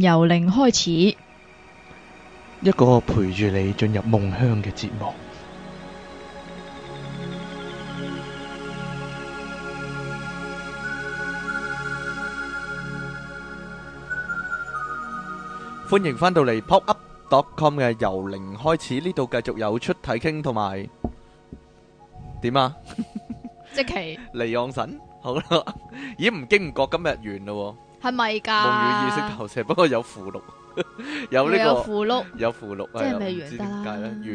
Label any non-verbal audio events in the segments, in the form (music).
由零開始，一個陪住你進入夢鄉嘅節目。歡迎返到嚟 pop up dot com 嘅由零開始呢度，繼續有出體傾同埋點啊？即係離岸神，好啦，咦唔經唔覺今日完咯。係咪噶？夢與意識投射，不過有附錄、 (laughs) 這個，有呢個附錄，有附錄，即係未完得完完，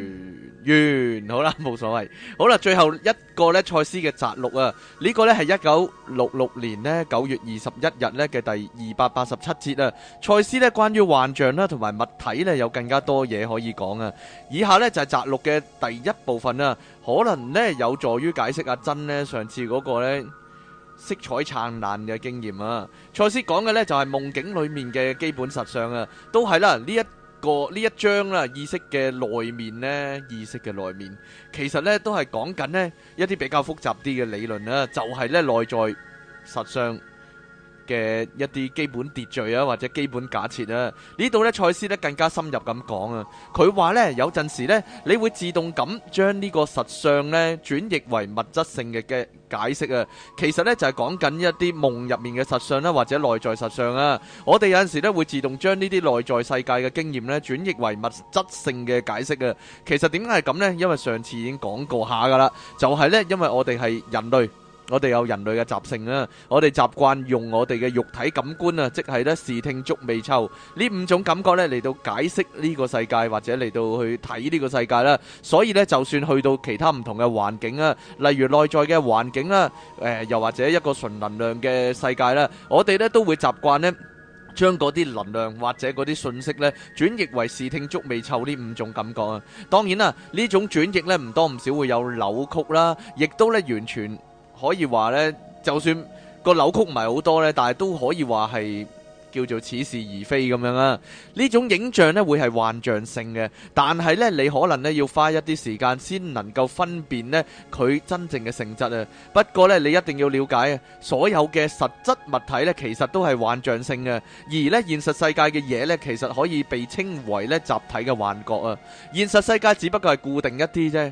完，好啦，冇所謂。好啦，最後一個咧，賽斯嘅摘錄啊，這個、呢個咧係一九六六年咧九月二十一日咧嘅第二百八十七節啊，賽斯咧關於幻象啦同埋物體咧有更加多嘢可以講啊，以下咧就係摘錄嘅第一部分啊，可能咧有助於解釋阿珍呢上次嗰個咧，色彩燦爛嘅經驗啊，賽斯講嘅呢就係夢境裏面嘅基本實相啊，都係啦，呢一個呢一章啦意識嘅內面呢，意識嘅內面，其實呢都係講緊呢一啲比較複雜啲嘅理論啦，就係呢內在實相嘅一啲基本秩序啊，或者基本假設啊，呢度咧塞斯咧更加深入咁講啊。佢話咧有陣時咧你會自動咁將呢個實相咧轉譯為物質性嘅嘅解釋啊。其實咧就係講緊一啲夢入面嘅實相啦，或者內在實相啊。我哋有陣時咧會自動將呢啲內在世界嘅經驗咧轉譯為物質性嘅解釋啊。其實點解係咁咧？因為上次已經講過下噶啦，就係咧因為我哋係人類。我哋有人類嘅習性啦，我哋習慣用我哋嘅肉體感官啊，即係咧視聽觸味嗅呢五種感覺咧嚟到解釋呢個世界或者嚟到去睇呢個世界啦。所以咧，就算去到其他唔同嘅環境啊，例如內在嘅環境啦，誒、呃，又或者一個純能量嘅世界啦，我哋咧都會習慣呢，將嗰啲能量或者嗰啲信息咧轉譯為視聽觸味嗅呢五種感覺啊。當然啦，呢種轉譯咧唔多唔少會有扭曲啦，亦都咧完全。可以話呢，就算個扭曲唔係好多呢，但係都可以話係叫做似是而非咁樣啊。呢種影像呢會係幻象性嘅，但係呢，你可能呢要花一啲時間先能夠分辨呢佢真正嘅性質啊。不過呢，你一定要了解啊，所有嘅實質物體呢，其實都係幻象性嘅，而呢，現實世界嘅嘢呢，其實可以被稱為呢集體嘅幻覺啊。現實世界只不過係固定一啲啫。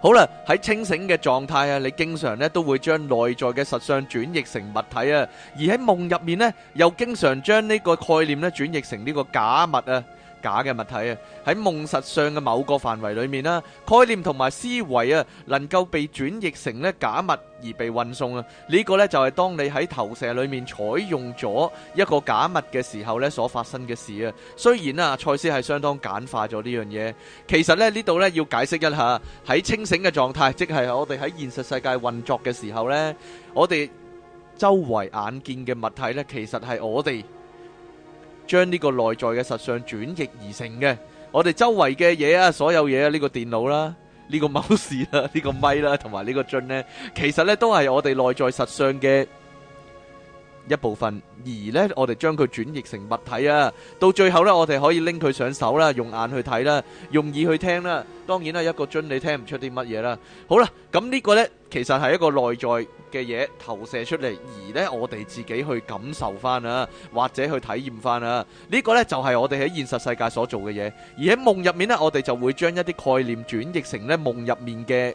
好啦，喺清醒嘅狀態啊，你經常咧都會將內在嘅實相轉譯成物體啊，而喺夢入面咧，又經常將呢個概念咧轉譯成呢個假物啊。假嘅物體啊，喺夢實上嘅某個範圍裏面啦，概念同埋思維啊，能夠被轉譯成咧假物而被運送啊，呢個咧就係當你喺投射裏面採用咗一個假物嘅時候咧所發生嘅事啊。雖然啊，賽斯係相當簡化咗呢樣嘢，其實咧呢度咧要解釋一下喺清醒嘅狀態，即係我哋喺現實世界運作嘅時候咧，我哋周圍眼見嘅物體咧其實係我哋。將呢個內在嘅實相轉譯而成嘅，我哋周圍嘅嘢啊，所有嘢啊，呢個電腦啦，呢個 mouse 啦，呢個咪啦，同埋呢個樽呢，其實呢都係我哋內在實相嘅一部分，而呢我哋將佢轉譯成物體啊，到最後呢我哋可以拎佢上手啦，用眼去睇啦，用耳去聽啦。當然啦，一個樽你聽唔出啲乜嘢啦。好啦，咁呢個呢其實係一個內在嘅嘢投射出嚟，而呢我哋自己去感受翻啊，或者去體驗翻啊。呢個呢就係我哋喺現實世界所做嘅嘢，而喺夢入面呢，我哋就會將一啲概念轉譯成呢夢入面嘅。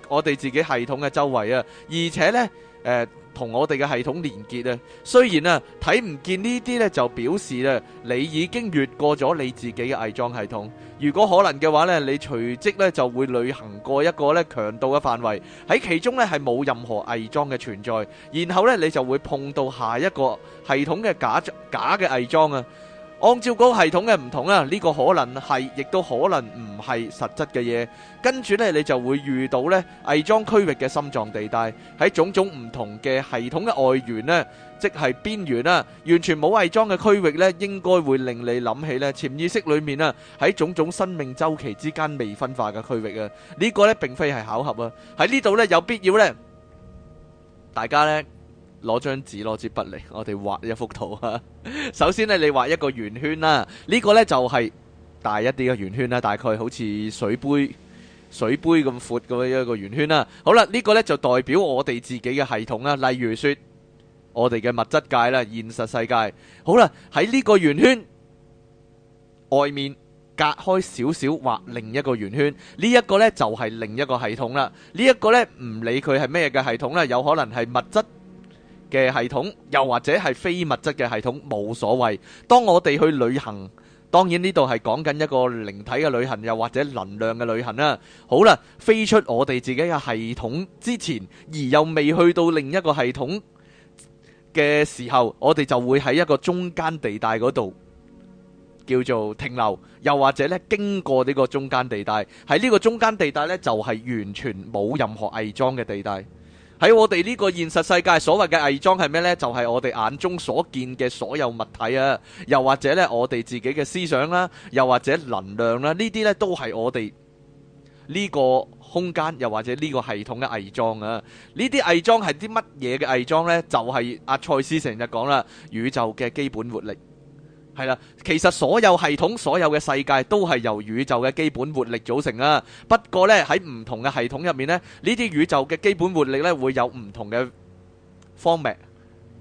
我哋自己系統嘅周圍啊，而且咧，誒，同我哋嘅系統連結啊。雖然啊，睇唔見呢啲咧，就表示啊，你已經越過咗你自己嘅偽裝系統。如果可能嘅話咧，你隨即咧就會旅行過一個咧強度嘅範圍，喺其中咧係冇任何偽裝嘅存在，然後咧你就會碰到下一個系統嘅假假嘅偽裝啊。按照嗰個系統嘅唔同啊，呢個可能係，亦都可能唔係實質嘅嘢。跟住呢，你就會遇到呢偽裝區域嘅心臟地帶，喺種種唔同嘅系統嘅外緣呢，即係邊緣啊，完全冇偽裝嘅區域呢，應該會令你諗起呢潛意識裏面啊，喺種種生命周期之間未分化嘅區域啊，呢個呢並非係巧合啊。喺呢度呢有必要呢，大家呢。攞張紙，攞支筆嚟，我哋畫一幅圖啊。首先呢，你畫一個圓圈啦，呢個呢就係大一啲嘅圓圈啦，大概好似水杯、水杯咁闊嘅一個圓圈啦。好啦，呢個呢就代表我哋自己嘅系統啦。例如說，我哋嘅物質界啦，現實世界。好啦，喺呢個圓圈外面隔開少少，畫另一個圓圈。呢一個呢就係另一個系統啦。呢一個呢唔理佢係咩嘅系統啦，有可能係物質。嘅系統，又或者係非物質嘅系統，冇所謂。當我哋去旅行，當然呢度係講緊一個靈體嘅旅行，又或者能量嘅旅行啦。好啦，飛出我哋自己嘅系統之前，而又未去到另一個系統嘅時候，我哋就會喺一個中間地帶嗰度叫做停留，又或者呢經過呢個中間地帶。喺呢個中間地帶呢，就係完全冇任何偽裝嘅地帶。喺我哋呢個現實世界，所謂嘅偽裝係咩呢？就係我哋眼中所見嘅所有物體啊，又或者呢我哋自己嘅思想啦，又或者能量啦，呢啲呢都係我哋呢個空間，又或者呢個系統嘅偽裝啊。呢啲偽裝係啲乜嘢嘅偽裝呢？就係阿賽斯成日講啦，宇宙嘅基本活力。係啦，其實所有系統、所有嘅世界都係由宇宙嘅基本活力組成啊。不過呢喺唔同嘅系統入面呢，呢啲宇宙嘅基本活力呢會有唔同嘅 format，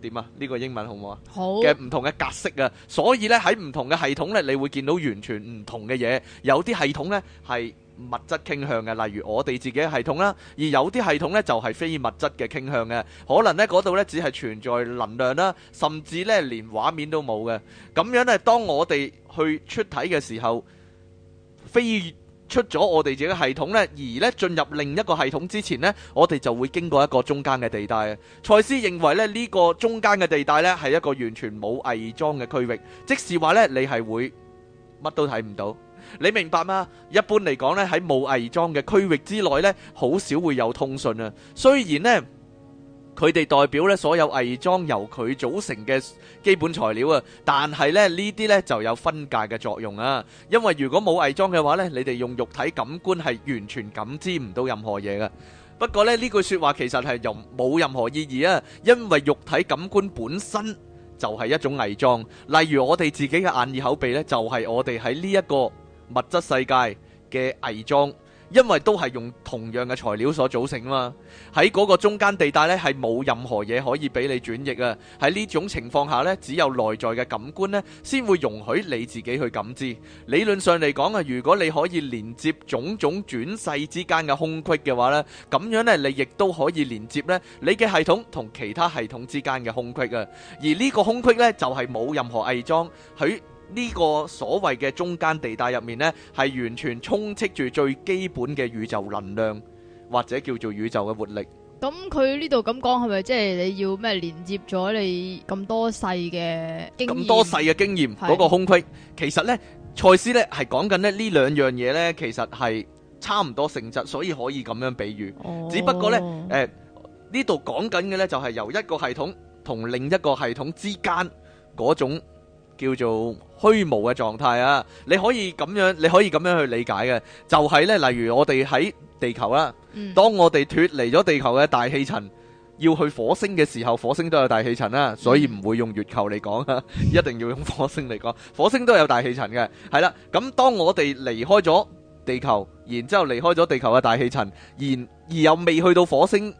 點啊？呢個英文好唔好啊？好。嘅唔同嘅格式啊，所以呢喺唔同嘅系統呢，你會見到完全唔同嘅嘢。有啲系統呢係。物質傾向嘅，例如我哋自己嘅系統啦，而有啲系統呢，就係非物質嘅傾向嘅，可能呢嗰度呢，只係存在能量啦，甚至呢連畫面都冇嘅。咁樣呢，當我哋去出體嘅時候，飛出咗我哋自己嘅系統呢，而呢進入另一個系統之前呢，我哋就會經過一個中間嘅地帶。賽斯認為呢，呢個中間嘅地帶呢，係一個完全冇偽裝嘅區域，即係話呢，你係會乜都睇唔到。你明白嗎？一般嚟講咧，喺冇偽裝嘅區域之內咧，好少會有通訊啊。雖然咧，佢哋代表咧所有偽裝由佢組成嘅基本材料啊，但係咧呢啲咧就有分界嘅作用啊。因為如果冇偽裝嘅話咧，你哋用肉體感官係完全感知唔到任何嘢嘅。不過咧呢句說話其實係冇任何意義啊，因為肉體感官本身就係一種偽裝。例如我哋自己嘅眼耳口鼻咧，就係我哋喺呢一個。物質世界嘅偽裝，因為都係用同樣嘅材料所組成啊嘛。喺嗰個中間地帶咧，係冇任何嘢可以俾你轉譯啊。喺呢種情況下咧，只有內在嘅感官咧，先會容許你自己去感知。理論上嚟講啊，如果你可以連接種種轉世之間嘅空隙嘅話咧，咁樣咧你亦都可以連接咧你嘅系統同其他系統之間嘅空隙啊。而呢個空隙咧就係冇任何偽裝，喺。呢個所謂嘅中間地帶入面咧，係完全充斥住最基本嘅宇宙能量，或者叫做宇宙嘅活力。咁佢呢度咁講，係咪即係你要咩連接咗你咁多細嘅經驗？咁多細嘅經驗嗰個空隙，其實咧，賽斯咧係講緊咧呢兩樣嘢咧，其實係差唔多性質，所以可以咁樣比喻。只不過咧，誒呢度講緊嘅咧，就係由一個系統同另一個系統之間嗰種。叫做虛無嘅狀態啊！你可以咁樣，你可以咁樣去理解嘅，就係呢。例如我哋喺地球啦，嗯、當我哋脫離咗地球嘅大氣層，要去火星嘅時候，火星都有大氣層啦，所以唔會用月球嚟講啊，一定要用火星嚟講，火星都有大氣層嘅，係啦。咁、嗯、當我哋離開咗地球，然之後離開咗地球嘅大氣層，而而又未去到火星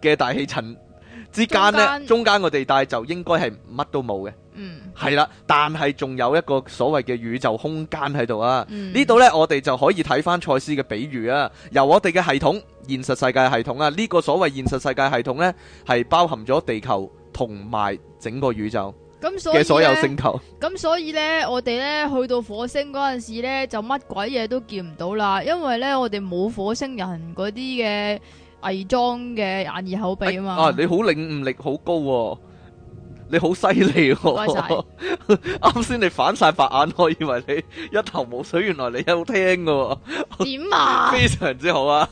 嘅大氣層。之間咧，中間個地帶就應該係乜都冇嘅。嗯，係啦，但係仲有一個所謂嘅宇宙空間喺度啊。呢度咧，我哋就可以睇翻賽斯嘅比喻啊。由我哋嘅系統，現實世界系統啊，呢個所謂現實世界系統咧，係包含咗地球同埋整個宇宙嘅所有星球。咁所以咧，我哋咧去到火星嗰陣時咧，就乜鬼嘢都見唔到啦，因為咧我哋冇火星人嗰啲嘅。偽裝嘅眼耳口鼻啊嘛，欸，啊你好領悟力好高喎，哦！你好犀利，啱先你反晒白眼，我以為你一頭冇水，原來你有聽噶？點啊？非常之好啊！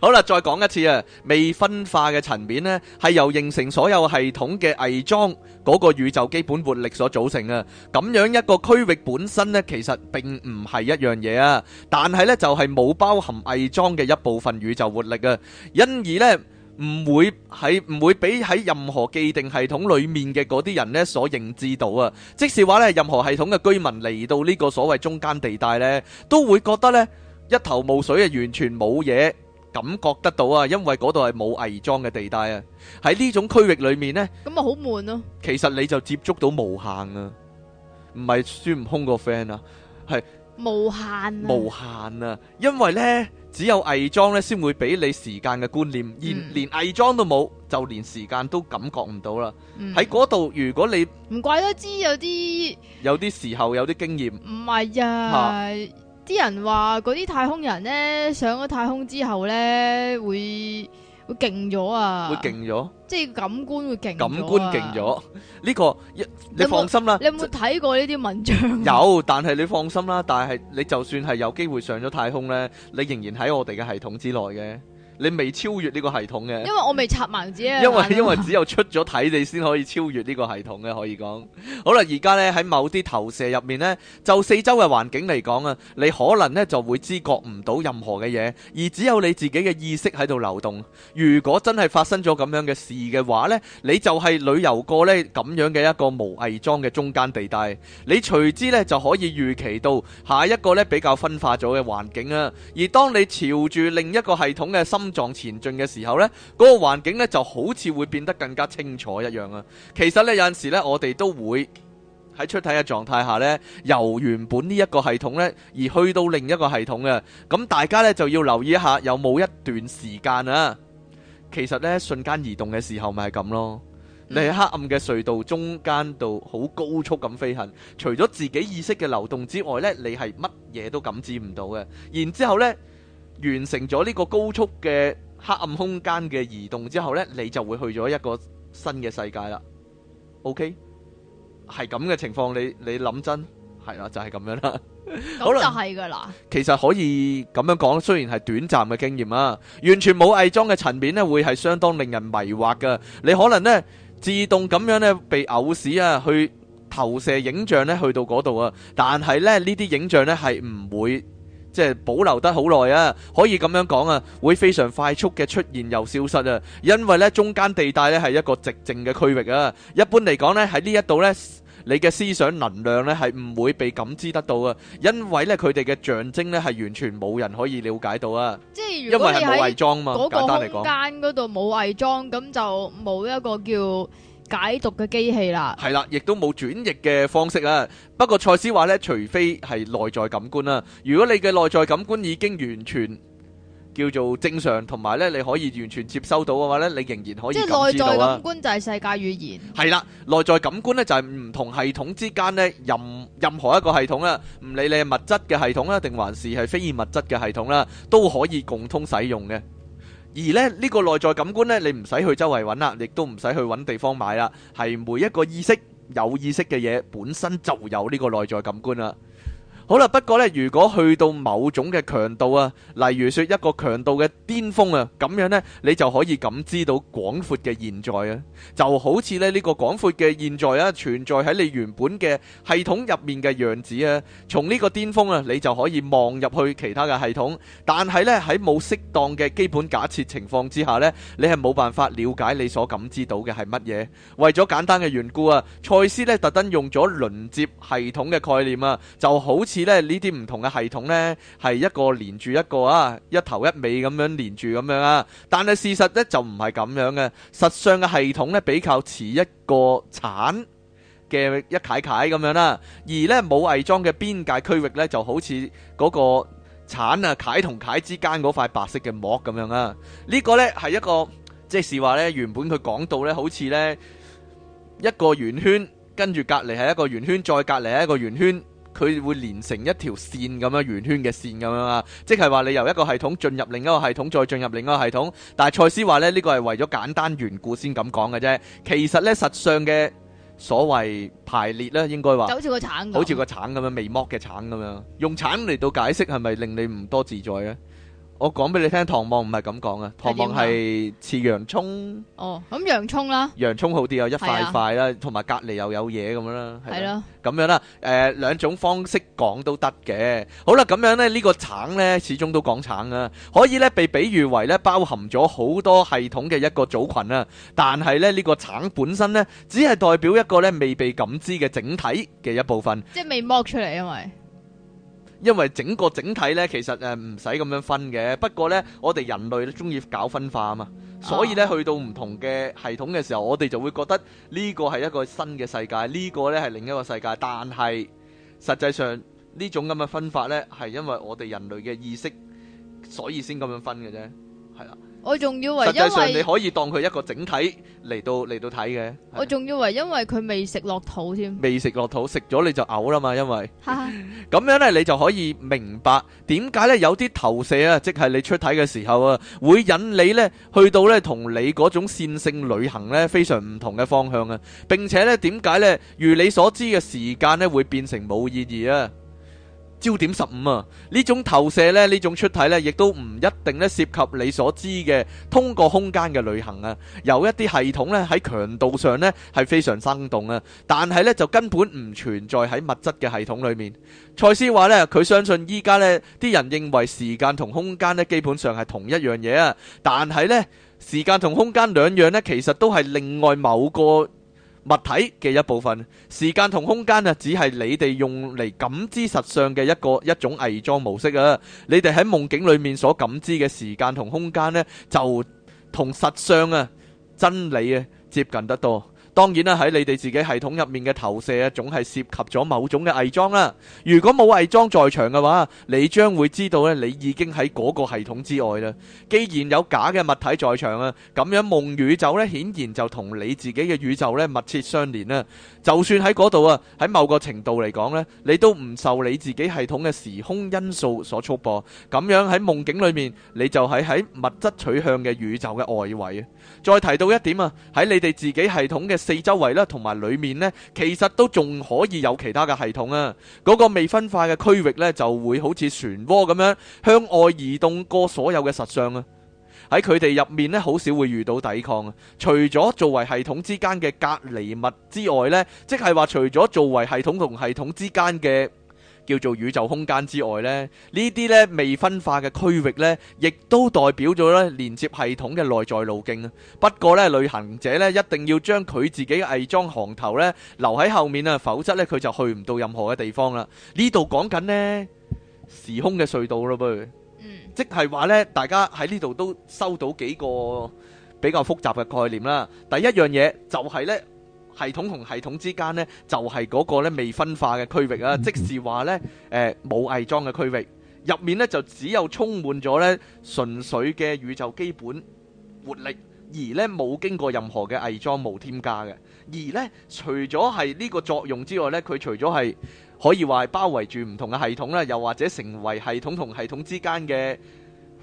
好啦，再講一次啊，未分化嘅層面咧，係由形成所有系統嘅偽裝嗰個宇宙基本活力所組成啊。咁樣一個區域本身咧，其實並唔係一樣嘢啊，但係咧就係冇包含偽裝嘅一部分宇宙活力啊，因而咧。唔會喺唔會俾喺任何既定系統裏面嘅嗰啲人咧所認知到啊！即使話咧，任何系統嘅居民嚟到呢個所謂中間地帶咧，都會覺得咧一頭霧水啊，完全冇嘢感覺得到啊，因為嗰度係冇偽裝嘅地帶啊！喺呢種區域裏面咧，咁啊好悶咯。其實你就接觸到無限啊，唔係孫悟空個 friend 啊，係無限，無限啊！因為咧。只有偽裝咧，先會俾你時間嘅觀念，而連偽裝都冇，就連時間都感覺唔到啦。喺嗰度，如果你唔怪得知有啲有啲時候有啲經驗，唔係呀？啲人話嗰啲太空人呢，上咗太空之後呢，會。會勁咗啊！會勁咗，即係感官會勁、啊，感官勁咗。呢、呢個一，你放心啦。你有冇睇過呢啲文章？有，但係你放心啦。但係你就算係有機會上咗太空咧，你仍然喺我哋嘅系統之內嘅。你未超越呢個系統嘅，因為我未插盲紙啊。因為因為只有出咗體你先可以超越呢個系統嘅，可以講。好啦，而家咧喺某啲投射入面咧，就四周嘅環境嚟講啊，你可能咧就會知覺唔到任何嘅嘢，而只有你自己嘅意識喺度流動。如果真係發生咗咁樣嘅事嘅話咧，你就係旅遊過咧咁樣嘅一個無偽裝嘅中間地帶，你隨之咧就可以預期到下一個咧比較分化咗嘅環境啊。而當你朝住另一個系統嘅心。撞前進嘅時候呢，嗰個環境呢，就好似會變得更加清楚一樣啊！其實呢，有陣時呢，我哋都會喺出體嘅狀態下呢，由原本呢一個系統呢而去到另一個系統嘅。咁大家呢，就要留意一下，有冇一段時間啊？其實呢，瞬間移動嘅時候咪係咁咯，嗯、你喺黑暗嘅隧道中間度，好高速咁飛行，除咗自己意識嘅流動之外呢，你係乜嘢都感知唔到嘅。然之後呢完成咗呢個高速嘅黑暗空間嘅移動之後呢，你就會去咗一個新嘅世界啦。OK，係咁嘅情況，你你諗真係啦，就係、是、咁樣啦。啦 (laughs) (laughs) 可能。 (laughs) 其實可以咁樣講，雖然係短暫嘅經驗啊，完全冇偽裝嘅層面咧，會係相當令人迷惑噶。你可能呢自動咁樣呢、啊，被偶屎啊去投射影像呢，去到嗰度啊，但係呢呢啲影像呢，係唔會。即係保留得好耐啊，可以咁樣講啊，會非常快速嘅出現又消失啊，因為咧中間地帶咧係一個寂靜嘅區域啊。一般嚟講咧喺呢一度咧，你嘅思想能量咧係唔會被感知得到啊，因為咧佢哋嘅象徵咧係完全冇人可以瞭解到啊。即係因為係冇偽裝嘛，簡單嚟講，如果你喺嗰個空間嗰度冇偽裝，咁就冇一個叫。解讀嘅機器啦，係啦，亦都冇轉譯嘅方式啊。不過賽斯話咧，除非係內在感官啦，如果你嘅內在感官已經完全叫做正常，同埋咧你可以完全接收到嘅話咧，你仍然可以即係內在感官就係世界語言。係啦，內在感官咧就係唔同系統之間咧任任何一個系統啊，唔理你係物質嘅系統啦，定還是係非二物質嘅系統啦，都可以共通使用嘅。而呢個內在感官呢，你唔使去周圍揾啦，亦都唔使去揾地方買啦，係每一個意識有意識嘅嘢本身就有呢個內在感官啦。好啦，不過咧，如果去到某種嘅強度啊，例如說一個強度嘅巔峰啊，咁樣呢，你就可以感知到廣闊嘅現在啊，就好似呢個廣闊嘅現在啊存在喺你原本嘅系統入面嘅樣子啊，從呢個巔峰啊，你就可以望入去其他嘅系統，但係呢，喺冇適當嘅基本假設情況之下呢，你係冇辦法了解你所感知到嘅係乜嘢。為咗簡單嘅緣故啊，賽斯咧特登用咗輪接系統嘅概念啊，就好似。似呢啲唔同嘅系統呢，係一個連住一個啊，一頭一尾咁樣連住咁樣啊。但係事實呢，就唔係咁樣嘅，實上嘅系統呢，比較似一個橙嘅一楷楷咁樣啦。而呢，冇偽裝嘅邊界區域呢，就好似嗰個橙啊楷同楷之間嗰塊白色嘅膜咁樣啊。呢、呢個呢，係一個，即是話呢，原本佢講到呢，好似呢，一個圓圈，跟住隔籬係一個圓圈，再隔籬係一個圓圈。佢會連成一條線咁樣圓圈嘅線咁樣啊，即係話你由一個系統進入另一個系統，再進入另一個系統。但係賽斯話咧，呢個係為咗簡單緣故先咁講嘅啫。其實呢，實相嘅所謂排列呢，應該話好似個橙，好似個橙咁樣未剝嘅橙咁樣，用橙嚟到解釋係咪令你唔多自在咧？我講俾你聽，唐望唔係咁講啊。唐望係似洋葱。哦，咁洋葱啦，洋葱好啲有一塊塊啦，同埋隔籬又有嘢咁樣啦，係咯，咁樣啦，誒、呃，兩種方式講都得嘅。好啦，咁樣咧，呢、這個橙咧，始終都講橙啊，可以咧被比喻為咧包含咗好多系統嘅一個組群啦，但係咧呢、這個橙本身咧，只係代表一個咧未被感知嘅整體嘅一部分，即係未剝出嚟，因為。因為整個整體呢，其實誒唔使咁樣分嘅。不過呢，我哋人類都中意搞分化啊嘛，所以呢，去到唔同嘅系統嘅時候，我哋就會覺得呢個係一個新嘅世界，這個、呢個咧係另一個世界。但係實際上呢種咁嘅分法呢，係因為我哋人類嘅意識，所以先咁樣分嘅啫，係啦。我仲以為，實際上你可以當佢一個整體嚟到嚟到睇嘅。我仲以為因為佢未食落肚添，未食落肚食咗你就嘔啦嘛，因為咁樣咧，你就可以明白點解咧有啲投射啊，即係你出體嘅時候啊，會引你咧去到咧同你嗰種線性旅行咧非常唔同嘅方向啊，並且咧點解咧如你所知嘅時間咧會變成冇意義啊。焦點十五啊，呢種投射呢，呢種出體呢，亦都唔一定呢涉及你所知嘅通過空間嘅旅行啊。有一啲系統呢，喺強度上呢係非常生動啊，但係呢就根本唔存在喺物質嘅系統裏面。賽斯話呢，佢相信依家呢啲人認為時間同空間呢基本上係同一樣嘢啊，但係呢時間同空間兩樣呢，其實都係另外某個。物體嘅一部分，時間同空間啊，只係你哋用嚟感知實相嘅一個一種偽裝模式啊！你哋喺夢境裡面所感知嘅時間同空間呢，就同實相啊，真理啊接近得多。當然啦，喺你哋自己系統入面嘅投射啊，總係涉及咗某種嘅偽裝啦。如果冇偽裝在場嘅話，你將會知道咧，你已經喺嗰個系統之外啦。既然有假嘅物體在場啊，咁樣夢宇宙咧，顯然就同你自己嘅宇宙咧密切相連啦。就算喺嗰度啊，喺某個程度嚟講呢，你都唔受你自己系統嘅時空因素所束縛。咁樣喺夢境裏面，你就係喺物質取向嘅宇宙嘅外圍啊。再提到一點啊，喺你哋自己系統嘅。四周圍啦，同埋裏面呢，其實都仲可以有其他嘅系統啊！嗰個未分化嘅區域呢，就會好似漩渦咁樣向外移動過所有嘅實相啊！喺佢哋入面呢，好少會遇到抵抗啊！除咗作為系統之間嘅隔離物之外呢，即係話除咗作為系統同系統之間嘅。叫做宇宙空間之外咧，呢啲咧未分化嘅區域咧，亦都代表咗咧連接系統嘅內在路徑啊。不過咧，旅行者咧一定要將佢自己嘅偽裝航頭咧留喺後面啊，否則咧佢就去唔到任何嘅地方啦。呢度講緊咧時空嘅隧道咯，噃，即係話咧，大家喺呢度都收到幾個比較複雜嘅概念啦。第一樣嘢就係咧。系統同系統之間呢，就係嗰個呢未分化嘅區域啊，即是話呢，冇偽裝嘅區域入面呢，就只有充滿咗呢純粹嘅宇宙基本活力，而呢冇經過任何嘅偽裝，冇添加嘅。而呢，除咗係呢個作用之外呢，佢除咗係可以話係包圍住唔同嘅系統啦，又或者成為系統同系統之間嘅。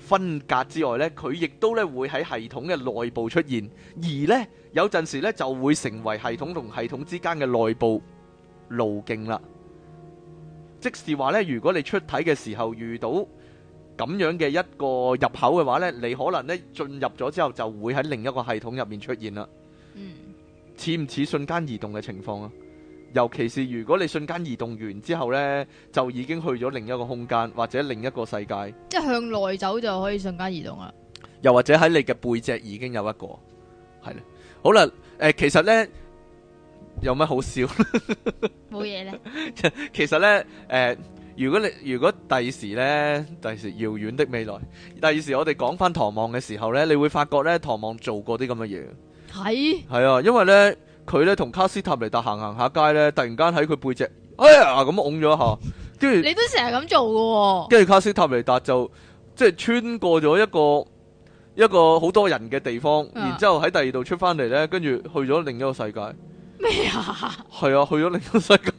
分隔之外呢，佢亦都呢會喺系統嘅內部出現，而呢有陣時呢就會成為系統同系統之間嘅內部路徑啦。即是話呢，如果你出體嘅時候遇到咁樣嘅一個入口嘅話呢，你可能呢進入咗之後就會喺另一個系統入面出現啦。嗯，似唔似瞬間移動嘅情況啊？尤其是如果你瞬間移動完之後呢，就已經去咗另一個空間或者另一個世界。即係向內走就可以瞬間移動啦。又或者喺你嘅背脊已經有一個，係啦。好啦，誒、呃，其實呢，有乜好笑？冇嘢咧。 (laughs) 其實呢，誒、呃，如果你如果第時呢，第時遙遠的未來，第二時我哋講翻唐望嘅時候呢，你會發覺呢，唐望做過啲咁嘅嘢。係係啊，因為呢。佢咧同卡斯塔尼達行行下街咧，突然間喺佢背脊，哎呀咁拱咗一下，跟住你都成日咁做噶、哦。跟住卡斯塔尼達就即係穿過咗一個一個好多人嘅地方，嗯啊、然之後喺第二度出翻嚟咧，跟住去咗另一個世界。咩啊？係啊，去咗另一個世界。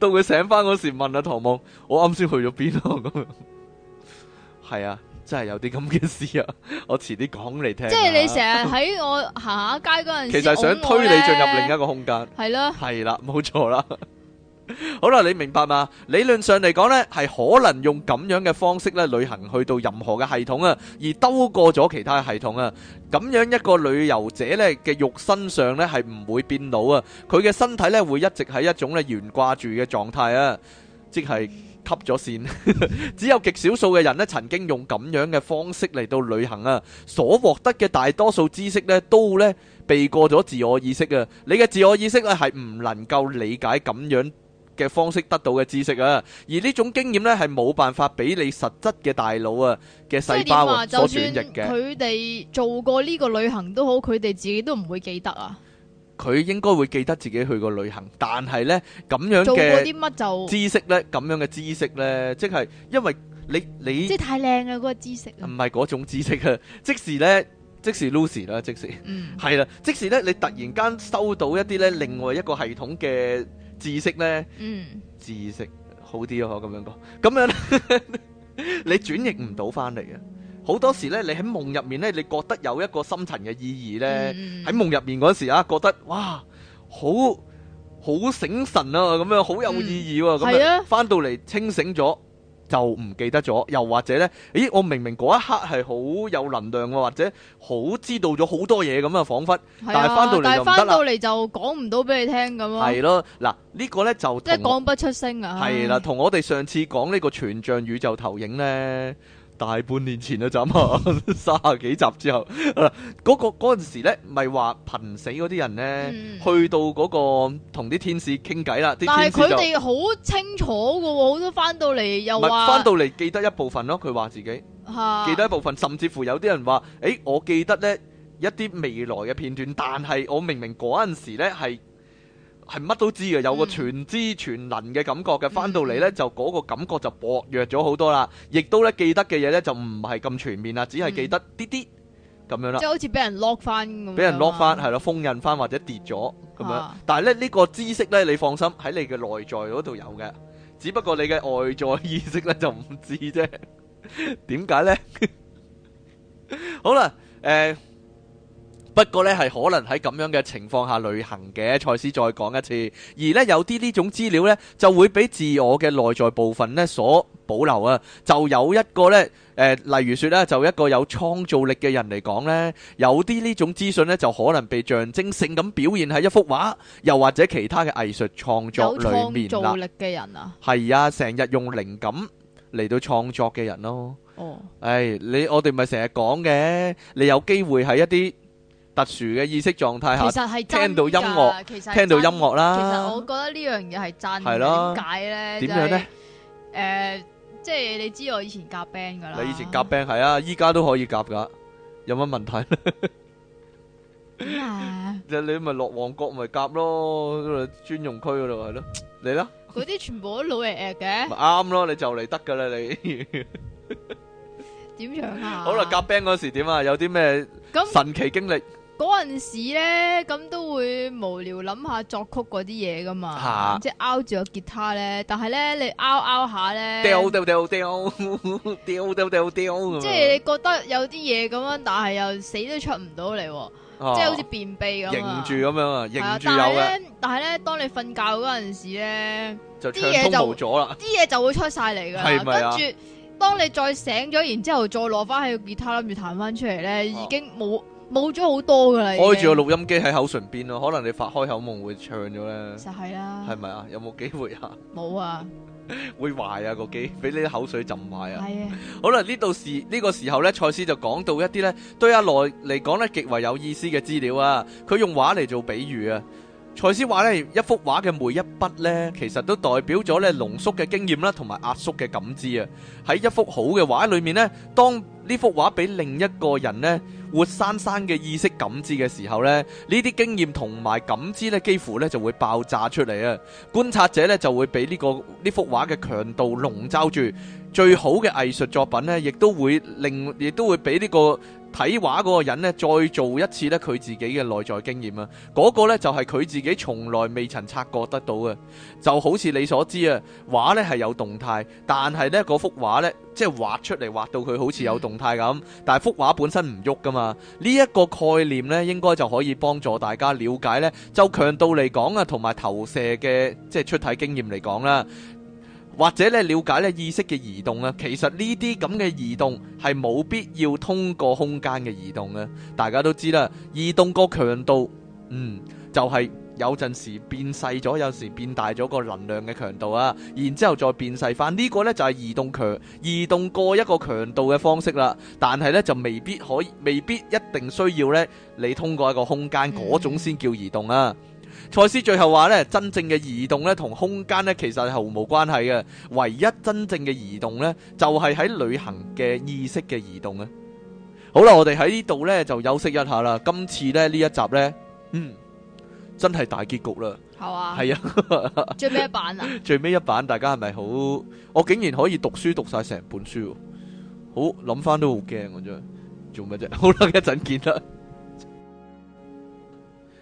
到佢醒翻嗰時問阿唐望，我啱先去咗邊 (laughs) 啊？咁樣係啊。真係有啲咁嘅事啊！我遲啲講你聽。即係你成日喺我行下街嗰陣時，其實想推你進入另一個空間。係啦，係啦，冇錯啦。好啦，你明白嘛？理論上嚟講咧，係可能用咁樣嘅方式咧，旅行去到任何嘅系統啊，而兜過咗其他系統啊。咁樣一個旅遊者咧嘅肉身上咧係唔會變老啊，佢嘅身體咧會一直喺一種咧懸掛住嘅狀態啊，即係。咗線，只有極少數嘅人咧，曾經用咁樣嘅方式嚟到旅行啊，所獲得嘅大多數知識咧，都咧避過咗自我意識啊。你嘅自我意識咧係唔能夠理解咁樣嘅方式得到嘅知識啊。而呢種經驗咧係冇辦法俾你實質嘅大腦啊嘅細胞所轉譯嘅。所以就算佢哋做過呢個旅行都好，佢哋自己都唔會記得啊。佢應該會記得自己去過旅行，但係呢，咁樣嘅知識呢，咁樣嘅知識呢，即係因為你你即係太靚啊！嗰個知識唔係嗰種知識啊！即使呢，即使 Lucy 啦，即使嗯係啦，即使呢，你突然間收到一啲呢另外一個系統嘅知識呢，嗯知識好啲咯，我咁樣講，咁樣 (laughs) 你轉譯唔到翻嚟嘅。好多時咧，你喺夢入面咧，你覺得有一個深層嘅意義咧，喺夢入面嗰時啊，覺得哇，好好醒神啊，咁樣好有意義喎、啊。係、嗯、翻、啊、到嚟，清醒咗就唔記得咗，又或者咧，咦，我明明嗰一刻係好有能量啊，或者好知道咗好多嘢咁啊，仿佛，但係翻到嚟，就翻到嚟就講唔到俾你聽咁、這個、啊。係咯，嗱，呢個咧就即係講不出聲啊。係啦，同我哋上次講呢個全像宇宙投影咧。大半年前啦、啊，斬咁三十幾集之後嗰、 (laughs) 嗰個嗰陣時咧，咪話瀕死嗰啲人咧、嗯，去到嗰個同啲天使傾偈啦，啲天使就，但係佢哋好清楚嘅，好多翻到嚟又話，翻到嚟記得一部分咯，佢話自己，記得一部分，甚至乎有啲人話，誒、欸、我記得咧一啲未來嘅片段，但係我明明嗰陣時咧係。係乜都知嘅，有個全知全能嘅感覺嘅，翻、嗯、到嚟呢，就嗰個感覺就薄弱咗好多啦，亦、嗯、都咧記得嘅嘢呢，就唔係咁全面啦，只係記得啲啲咁樣啦。即係好似俾人 lock 翻，俾人 lock 翻係咯，封印翻或者跌咗咁樣、啊。但係咧呢、呢個知識呢，你放心喺你嘅內在嗰度有嘅，只不過你嘅外在意識呢，就唔知啫。點解呢？ (laughs) 好啦，誒、呃。不過咧，係可能喺咁樣嘅情況下旅行嘅。賽斯再講一次，而咧有啲呢種資料咧就會俾自我嘅內在部分咧所保留啊。就有一個咧，誒，例如説咧，就一個有創造力嘅人嚟講咧，有啲呢種資訊咧就可能被象徵性咁表現喺一幅畫，又或者其他嘅藝術創作裏面啦。有創造力嘅人啊，係啊，成日用靈感嚟到創作嘅人咯。哦，誒，你我哋咪成日講嘅，你有機會喺一啲，特殊嘅意識狀態下，其實係聽到音樂，其實聽到音樂啦。其實我覺得呢樣嘢係真。係咯，點解咧？點樣咧？誒，即係你知我以前夾 band 噶啦。你以前夾 band 係啊，依家都可以夾噶，有乜問題咧？咁啊！你你咪落旺角咪夾咯，專用區嗰度係咯，你咧？嗰啲全部都老嘢嘅。啱咯，你就嚟得㗎啦，你點樣啊？好啦，夾 band 嗰時點啊？有啲咩神奇經歷？嗰陣時咧，咁都會無聊諗下作曲嗰啲嘢噶嘛，啊、即係拗住個吉他咧。但係咧，你拗拗下咧，即係你覺得有啲嘢咁樣，但係又死都出唔到嚟，即係好似便秘咁啊。凝住咁樣啊，但係咧，但係咧，當你瞓覺嗰陣時咧，啲嘢就啲嘢就、啊、就會出晒嚟噶啦。跟住、啊，當你再醒咗，然之後再攞翻起個吉他諗住彈翻出嚟咧、啊，已經冇。冇咗好多噶啦，開住個錄音機喺口唇邊咯，可能你發開口夢會唱咗咧，就係啦，係咪啊？有冇機會啊？冇啊，會壞啊個機，俾你啲口水浸壞啊。係啊，好啦，呢度是呢、這個時候咧，蔡司就講到一啲咧對阿羅嚟講咧極為有意思嘅資料啊，佢用話嚟做比喻啊。蔡思話咧一幅畫嘅每一筆呢，其實都代表咗咧濃縮嘅經驗啦，同埋壓縮嘅感知啊！喺一幅好嘅畫裏面呢，當呢幅畫俾另一個人呢活生生嘅意識感知嘅時候呢，呢啲經驗同埋感知呢幾乎呢就會爆炸出嚟啊！觀察者呢就會俾呢個呢幅畫嘅強度籠罩住，最好嘅藝術作品呢亦都會令亦都會俾呢個睇畫嗰個人呢，再做一次呢，佢自己嘅內在經驗啊，嗰個呢，就係佢自己從來未曾察覺得到嘅，就好似你所知啊，畫呢係有動態，但係呢嗰幅畫呢，即係畫出嚟畫到佢好似有動態咁，嗯，但係幅畫本身唔喐噶嘛。呢一個概念呢，應該就可以幫助大家了解呢，就強度嚟講啊，同埋投射嘅即係出體經驗嚟講啦。或者咧了解咧意識嘅移動咧，其實呢啲咁嘅移動係冇必要通過空間嘅移動咧。大家都知啦，移動個強度，嗯，就係有陣時變細咗，有時變大咗個能量嘅強度啊。然之後再變細翻，呢個呢就係移動強移動過一個強度嘅方式啦。但係呢，就未必可以，未必一定需要咧你通過一個空間嗰種先叫移動啊。嗯賽斯最後話咧，真正嘅移動咧，同空間咧，其實係毫無關係嘅。唯一真正嘅移動咧，就係、是、喺旅行嘅意識嘅移動啊！好啦，我哋喺呢度咧就休息一下啦。今次咧呢呢一集咧，嗯，真係大結局啦！好啊，係啊，最尾一版啊！ (laughs) 最尾一版，大家係咪好？我竟然可以讀書讀晒成本書，啊，好諗翻都好驚啊！做咩啫？好啦，一陣見啦。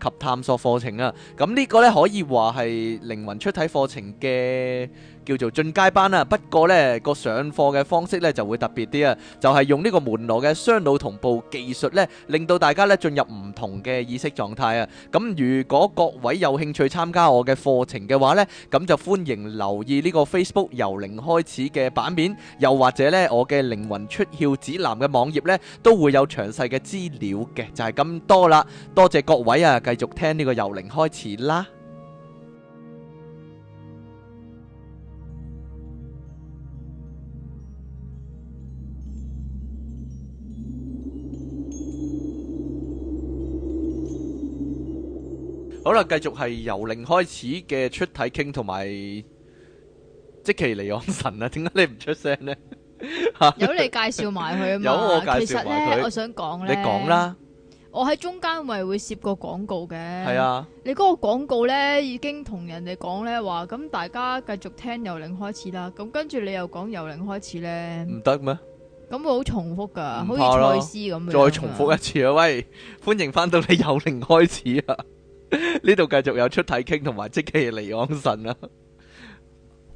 及探索課程啊，咁呢個呢可以話係靈魂出體課程嘅叫做進階班啊。不過呢個上課嘅方式呢就會特別啲啊，就係用呢個門羅嘅雙腦同步技術呢，令到大家呢進入唔同嘅意識狀態啊。咁如果各位有興趣參加我嘅課程嘅話呢，咁就歡迎留意呢個 Facebook 由零開始嘅版面，又或者呢我嘅靈魂出竅指南嘅網頁呢都會有詳細嘅資料嘅。就係咁多啦，多謝各位啊！計繼續聽呢個由零開始啦，好啦，繼續係由零開始嘅出體傾同埋即其嚟安神啊？點解你唔出聲咧？有你介紹埋佢啊嘛？有我介紹，其實咧，我想講咧，你講啦。我喺中間咪會攝個廣告嘅、啊，你嗰個廣告呢已經同人哋講呢話，咁大家繼續聽由零開始啦。咁跟住你又講由零開始呢唔得咩？咁會好重複噶，好似賽斯咁樣再重複一次啊！喂，歡迎翻到你由零開始啊！呢度繼續有出體傾同埋即期嚟安神啊！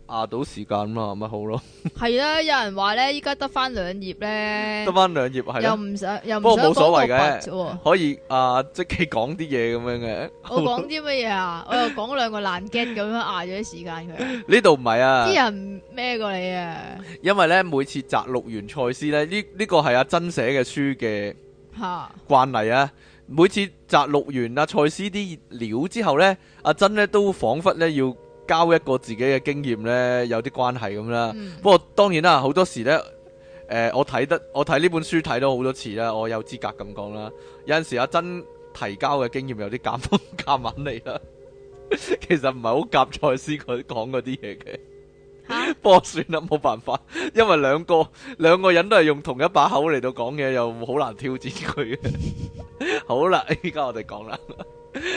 壓到時間嘛，咪好咯 (laughs) 。係啊，有人話咧，依家得翻兩頁咧，得翻兩頁係啦。又唔想，又唔想，不過冇所謂嘅。可以、呃、啊，即係講啲嘢咁樣嘅。我講啲乜嘢啊？我又講兩個爛 gag 咁樣壓咗啲時間佢。呢度唔係啊。啲人咩過你啊？因為咧，每次摘錄完賽斯咧，呢呢、這個係阿珍寫嘅書嘅、啊。吓。慣例啊，每次摘錄完阿賽斯啲料之後咧，阿珍咧都仿佛咧要。交一個自己嘅經驗呢，有啲關係咁啦。不過當然啦，好多時呢，誒、呃，我睇得我睇呢本書睇到好多次啦，我有資格咁講啦。有陣時阿、啊、珍提交嘅經驗有啲夾風夾硬嚟啦，其實唔係好夾賽斯佢講嗰啲嘢嘅。不過算啦，冇辦法，因為兩個兩個人都係用同一把口嚟到講嘢，又好難挑戰佢嘅。 (laughs) (laughs) 好啦，依家我哋講啦。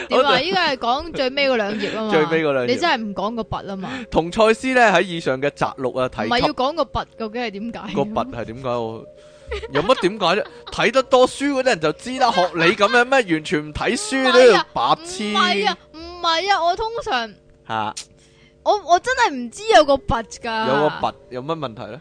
你啊？依個係講最尾嗰兩頁啊最尾嗰兩頁，你真係唔講個拔啊嘛。同賽斯咧，喺以上嘅摘錄啊睇，唔係要講個拔究竟係點解？什麼的那個拔係點解？我 (laughs) 有乜點解啫？睇 (laughs) 得多書嗰啲人就知啦。 (laughs) 學你咁樣咩？完全唔睇書不、啊、都要白痴？唔係啊，唔係啊，我通常吓 (laughs) 我我真係唔知道有個拔噶，有個拔有乜問題咧？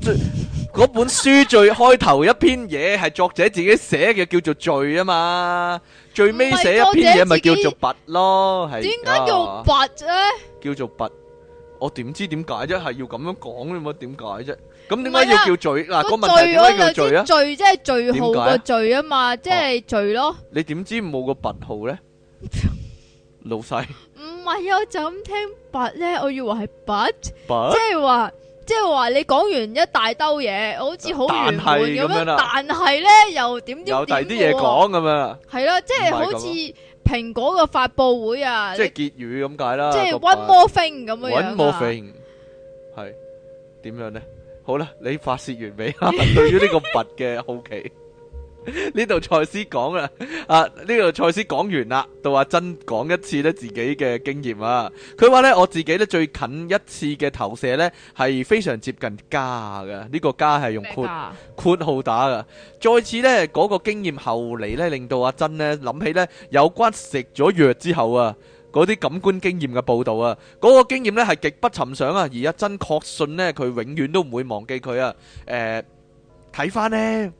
最。 (laughs) (laughs) 嗰 (laughs) 本書最開頭一篇嘢係作者自己寫嘅，叫做序啊嘛。最尾寫一篇嘢咪叫做跋咯，係點解叫，啊「跋」呢？叫做跋。我點知點解啫？係要咁樣講你麼？點解啫？咁點解要叫序啊？嗱，啊，個問題點解叫序啊？序即係序號個序啊嘛，即係序咯。你點知冇個跋號咧？老細唔係，我就咁，就是啊啊， (laughs) 聽跋咧，我以為係跋，即係話。即係話你講完一大兜嘢，好似好圓滿咁樣，但係咧又點點點嘢講咁樣，係咯，即係好似蘋果個發佈會啊，即係結語咁解啦，即係 one more thing 咁樣，one more thing 係點樣咧？好啦，你發洩完未？對於呢個佛嘅好奇。呢 (laughs) 度賽斯講啊，啊呢度賽斯講完啦，到阿珍講一次咧自己嘅經驗啊。佢話咧我自己咧最近一次嘅投射咧係非常接近家嘅，呢個家係用括括號打噶。再次呢，嗰個經驗後嚟咧令到阿珍呢諗起呢有關食咗藥之後啊嗰啲感官經驗嘅報道啊，嗰個經驗呢係極不尋常啊，而阿珍確信呢，佢永遠都唔會忘記佢啊。誒，睇翻呢。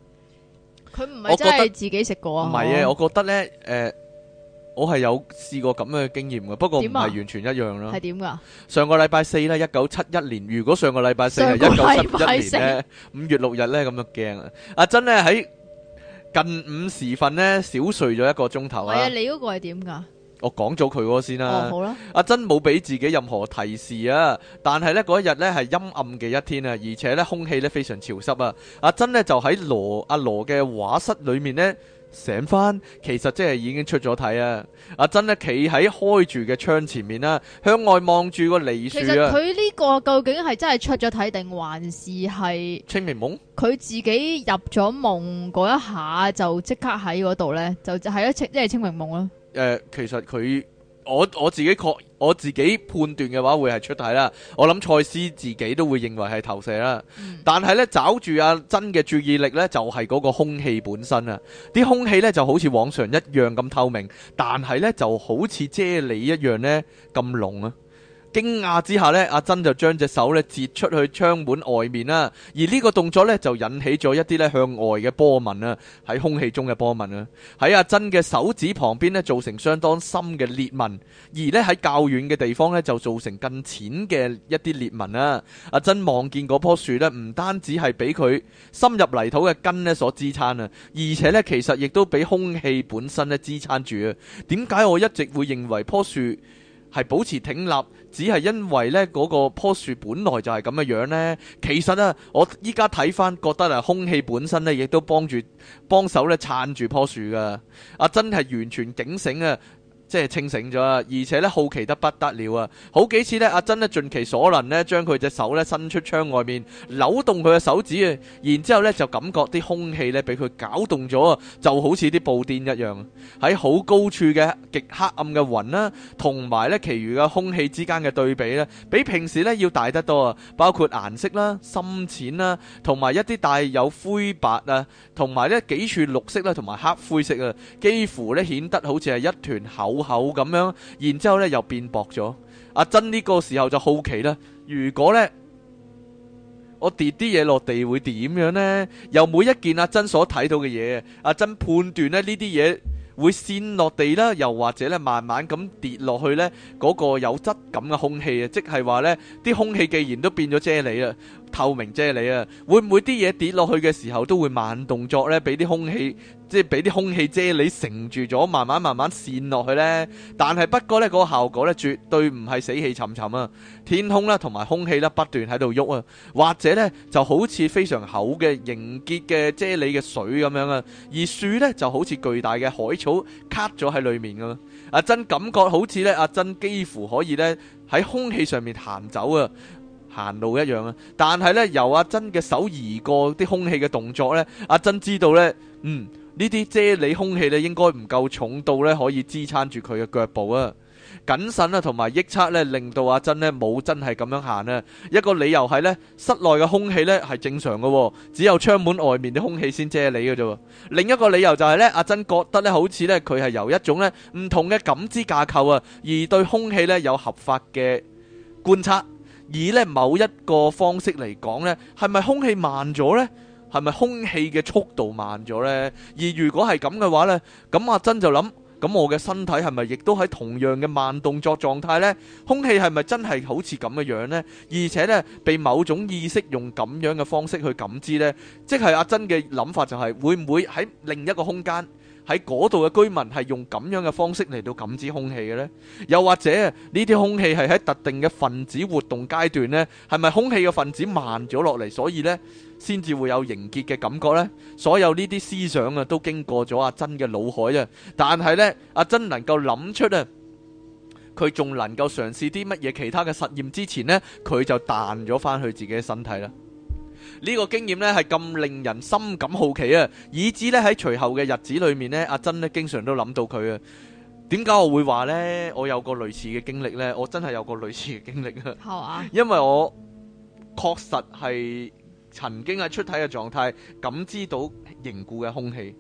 佢唔係真係自己食過啊！唔係啊，我覺得呢，誒、呃，我係有試過咁嘅經驗嘅，不過唔係完全一樣啦。係點噶？上個禮拜四呢，一九七一年。如果上個禮拜四係一九七一年咧，五月六日呢，咁就驚啊！阿珍呢，喺近五時份呢，少睡咗一個鐘頭啊！啊，啊係啊，你嗰個係點噶？我講咗佢先啦、啊哦，阿珍冇俾自己任何提示啊！但係呢，嗰一日呢，係陰暗嘅一天啊，而且呢，空氣呢，非常潮濕啊！阿珍呢，就喺羅阿羅嘅畫室裏面呢，醒翻，其實即係已經出咗體啊！阿珍呢，企喺開住嘅窗前面啦、啊，向外望住個梨樹、啊、其實佢呢個究竟係真係出咗體定還是係清明夢？佢自己入咗夢嗰一下就即刻喺嗰度呢，就係一即係清明夢啦。誒、呃，其實佢我我自己我自己判斷嘅話，會係出體啦。我諗賽斯自己都會認為係投射啦。嗯、但係咧，找住阿、啊、珍嘅注意力咧，就係、是、嗰個空氣本身啊！啲空氣咧就好似往常一樣咁透明，但係咧就好似啫喱一樣咧咁濃啊！驚訝之下呢，阿珍就將隻手呢折出去窗門外面啦。而呢個動作呢，就引起咗一啲呢向外嘅波紋啊，喺空氣中嘅波紋啊，喺阿珍嘅手指旁邊呢，造成相當深嘅裂紋，而呢喺較遠嘅地方呢，就造成更淺嘅一啲裂紋啦。阿珍望見嗰棵樹呢，唔單止係俾佢深入泥土嘅根呢所支撐啊，而且呢，其實亦都俾空氣本身呢支撐住啊。點解我一直會認為棵樹係保持挺立？只係因為呢嗰個棵樹本來就係咁嘅樣呢。其實啊，我依家睇翻覺得啊，空氣本身呢亦都幫住幫手呢撐住棵樹噶，啊真係完全警醒啊！即係清醒咗啊！而且咧好奇得不得了啊！好幾次咧，阿珍咧盡其所能咧，將佢隻手咧伸出窗外面，扭動佢嘅手指啊，然之後咧就感覺啲空氣咧俾佢攪動咗啊，就好似啲布甸一樣，喺好高處嘅極黑暗嘅雲啦，同埋咧其餘嘅空氣之間嘅對比咧，比平時咧要大得多啊！包括顏色啦、深淺啦，同埋一啲帶有灰白啊，同埋咧幾處綠色啦，同埋黑灰色啊，幾乎咧顯得好似係一團厚。口咁樣，然之後咧又變薄咗。阿珍呢個時候就好奇啦，如果呢我跌啲嘢落地會點樣呢？由每一件阿珍所睇到嘅嘢，阿珍判斷咧呢啲嘢會先落地啦，又或者咧慢慢咁跌落去呢嗰、那個有質感嘅空氣啊，即係話呢啲空氣既然都變咗啫喱啦。透明啫喱啊，會唔會啲嘢跌落去嘅時候都會慢動作呢？俾啲空氣，即係俾啲空氣啫喱承住咗，慢慢慢慢扇落去呢。但係不過呢嗰、嗰個效果呢，絕對唔係死氣沉沉啊！天空啦，同埋空氣呢，不斷喺度喐啊，或者呢就好似非常厚嘅凝結嘅啫喱嘅水咁樣啊，而樹呢，就好似巨大嘅海草卡咗喺裏面噶、啊、阿、啊、珍感覺好似呢，阿、啊、珍幾乎可以呢，喺空氣上面行走，走啊！行路一樣啊！但係呢，由阿珍嘅手移過啲空氣嘅動作呢，阿珍知道呢，嗯，呢啲啫喱空氣呢應該唔夠重到呢，可以支撐住佢嘅腳步啊！謹慎啊，同埋臆測呢，令到阿珍呢冇真係咁樣行啊！一個理由係呢，室內嘅空氣呢係正常嘅，只有窗門外面啲空氣先啫喱嘅啫。另一個理由就係呢，阿珍覺得呢，好似呢，佢係由一種呢唔同嘅感知架構啊，而對空氣呢有合法嘅觀察。以咧某一個方式嚟講呢，係咪空氣慢咗呢？係咪空氣嘅速度慢咗呢？而如果係咁嘅話呢，咁阿珍就諗：咁我嘅身體係咪亦都喺同樣嘅慢動作狀態呢？空氣係咪真係好似咁嘅樣呢？而且呢，被某種意識用咁樣嘅方式去感知呢，即係阿珍嘅諗法就係：會唔會喺另一個空間？喺嗰度嘅居民係用咁樣嘅方式嚟到感知空氣嘅咧，又或者啊，呢啲空氣係喺特定嘅分子活動階段咧，係咪空氣嘅分子慢咗落嚟，所以咧先至會有凝結嘅感覺咧？所有呢啲思想啊，都經過咗阿珍嘅腦海呀。但係咧，阿珍能夠諗出啊，佢仲能夠嘗試啲乜嘢其他嘅實驗之前咧，佢就彈咗翻去自己嘅身體啦。呢個經驗咧係咁令人心感好奇啊，以至咧喺隨後嘅日子裏面咧，阿珍咧經常都諗到佢啊。點解我會話咧？我有個類似嘅經歷咧，我真係有個類似嘅經歷啊。 (laughs) 因為我確實係曾經喺出體嘅狀態感知到凝固嘅空氣。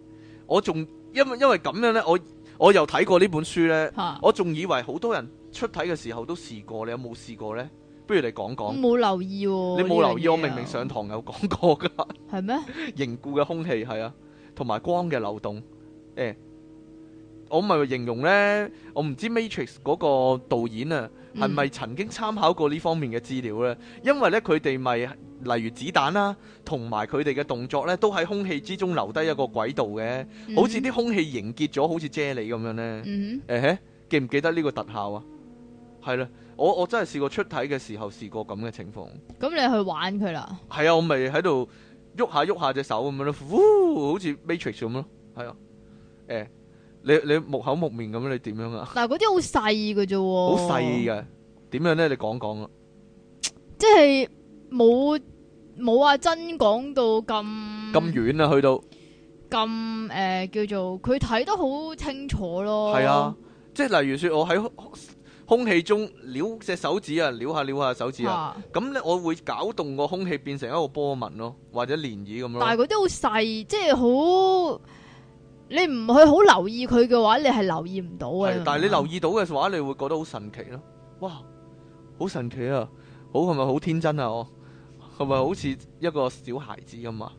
我仲因為因為咁樣咧，我我又睇過呢本書咧， (laughs) 我仲以為好多人出體嘅時候都試過，你有冇試過呢？不如你講講。我冇留意喎、哦。你冇留意，我明明上堂有講過㗎 (laughs) 是嗎。係咩？凝固嘅空氣係啊，同埋光嘅流動。誒、欸，我咪形容咧，我唔知道 Matrix 嗰個導演啊，係咪曾經參考過呢方面嘅資料咧、嗯？因為咧，佢哋咪例如子彈啦、啊，同埋佢哋嘅動作咧，都喺空氣之中留低一個軌道嘅，好似啲空氣凝結咗，好似啫喱咁樣咧。嗯哼、欸。記唔記得呢個特效啊？係啦，我我真係試過出體嘅時候試這樣的，試過咁嘅情況。咁你去玩佢啦。係啊，我咪喺度喐下喐下隻手咁樣咯，嗚、呃，好似 Matrix 咁咯。係啊，誒、欸，你你木口木面咁樣，你點樣啊？嗱、哦，嗰啲好細嘅啫。好細嘅，點樣咧？你講講啊。即係冇冇話真講到咁咁遠啊，去到咁誒、呃，叫做佢睇得好清楚咯。係啊，即係例如說我在，我喺。空氣中撩隻手指啊，撩下撩下手指啊，咁、啊、咧我會攪動個空氣變成一個波紋咯，或者漣漪咁咯。但係嗰啲好細，即係好你唔去好留意佢嘅話，你係留意唔到啊。但係你留意到嘅話，啊、你會覺得好神奇咯。哇，好神奇啊！好，係咪好天真啊？我係咪好似一個小孩子咁啊？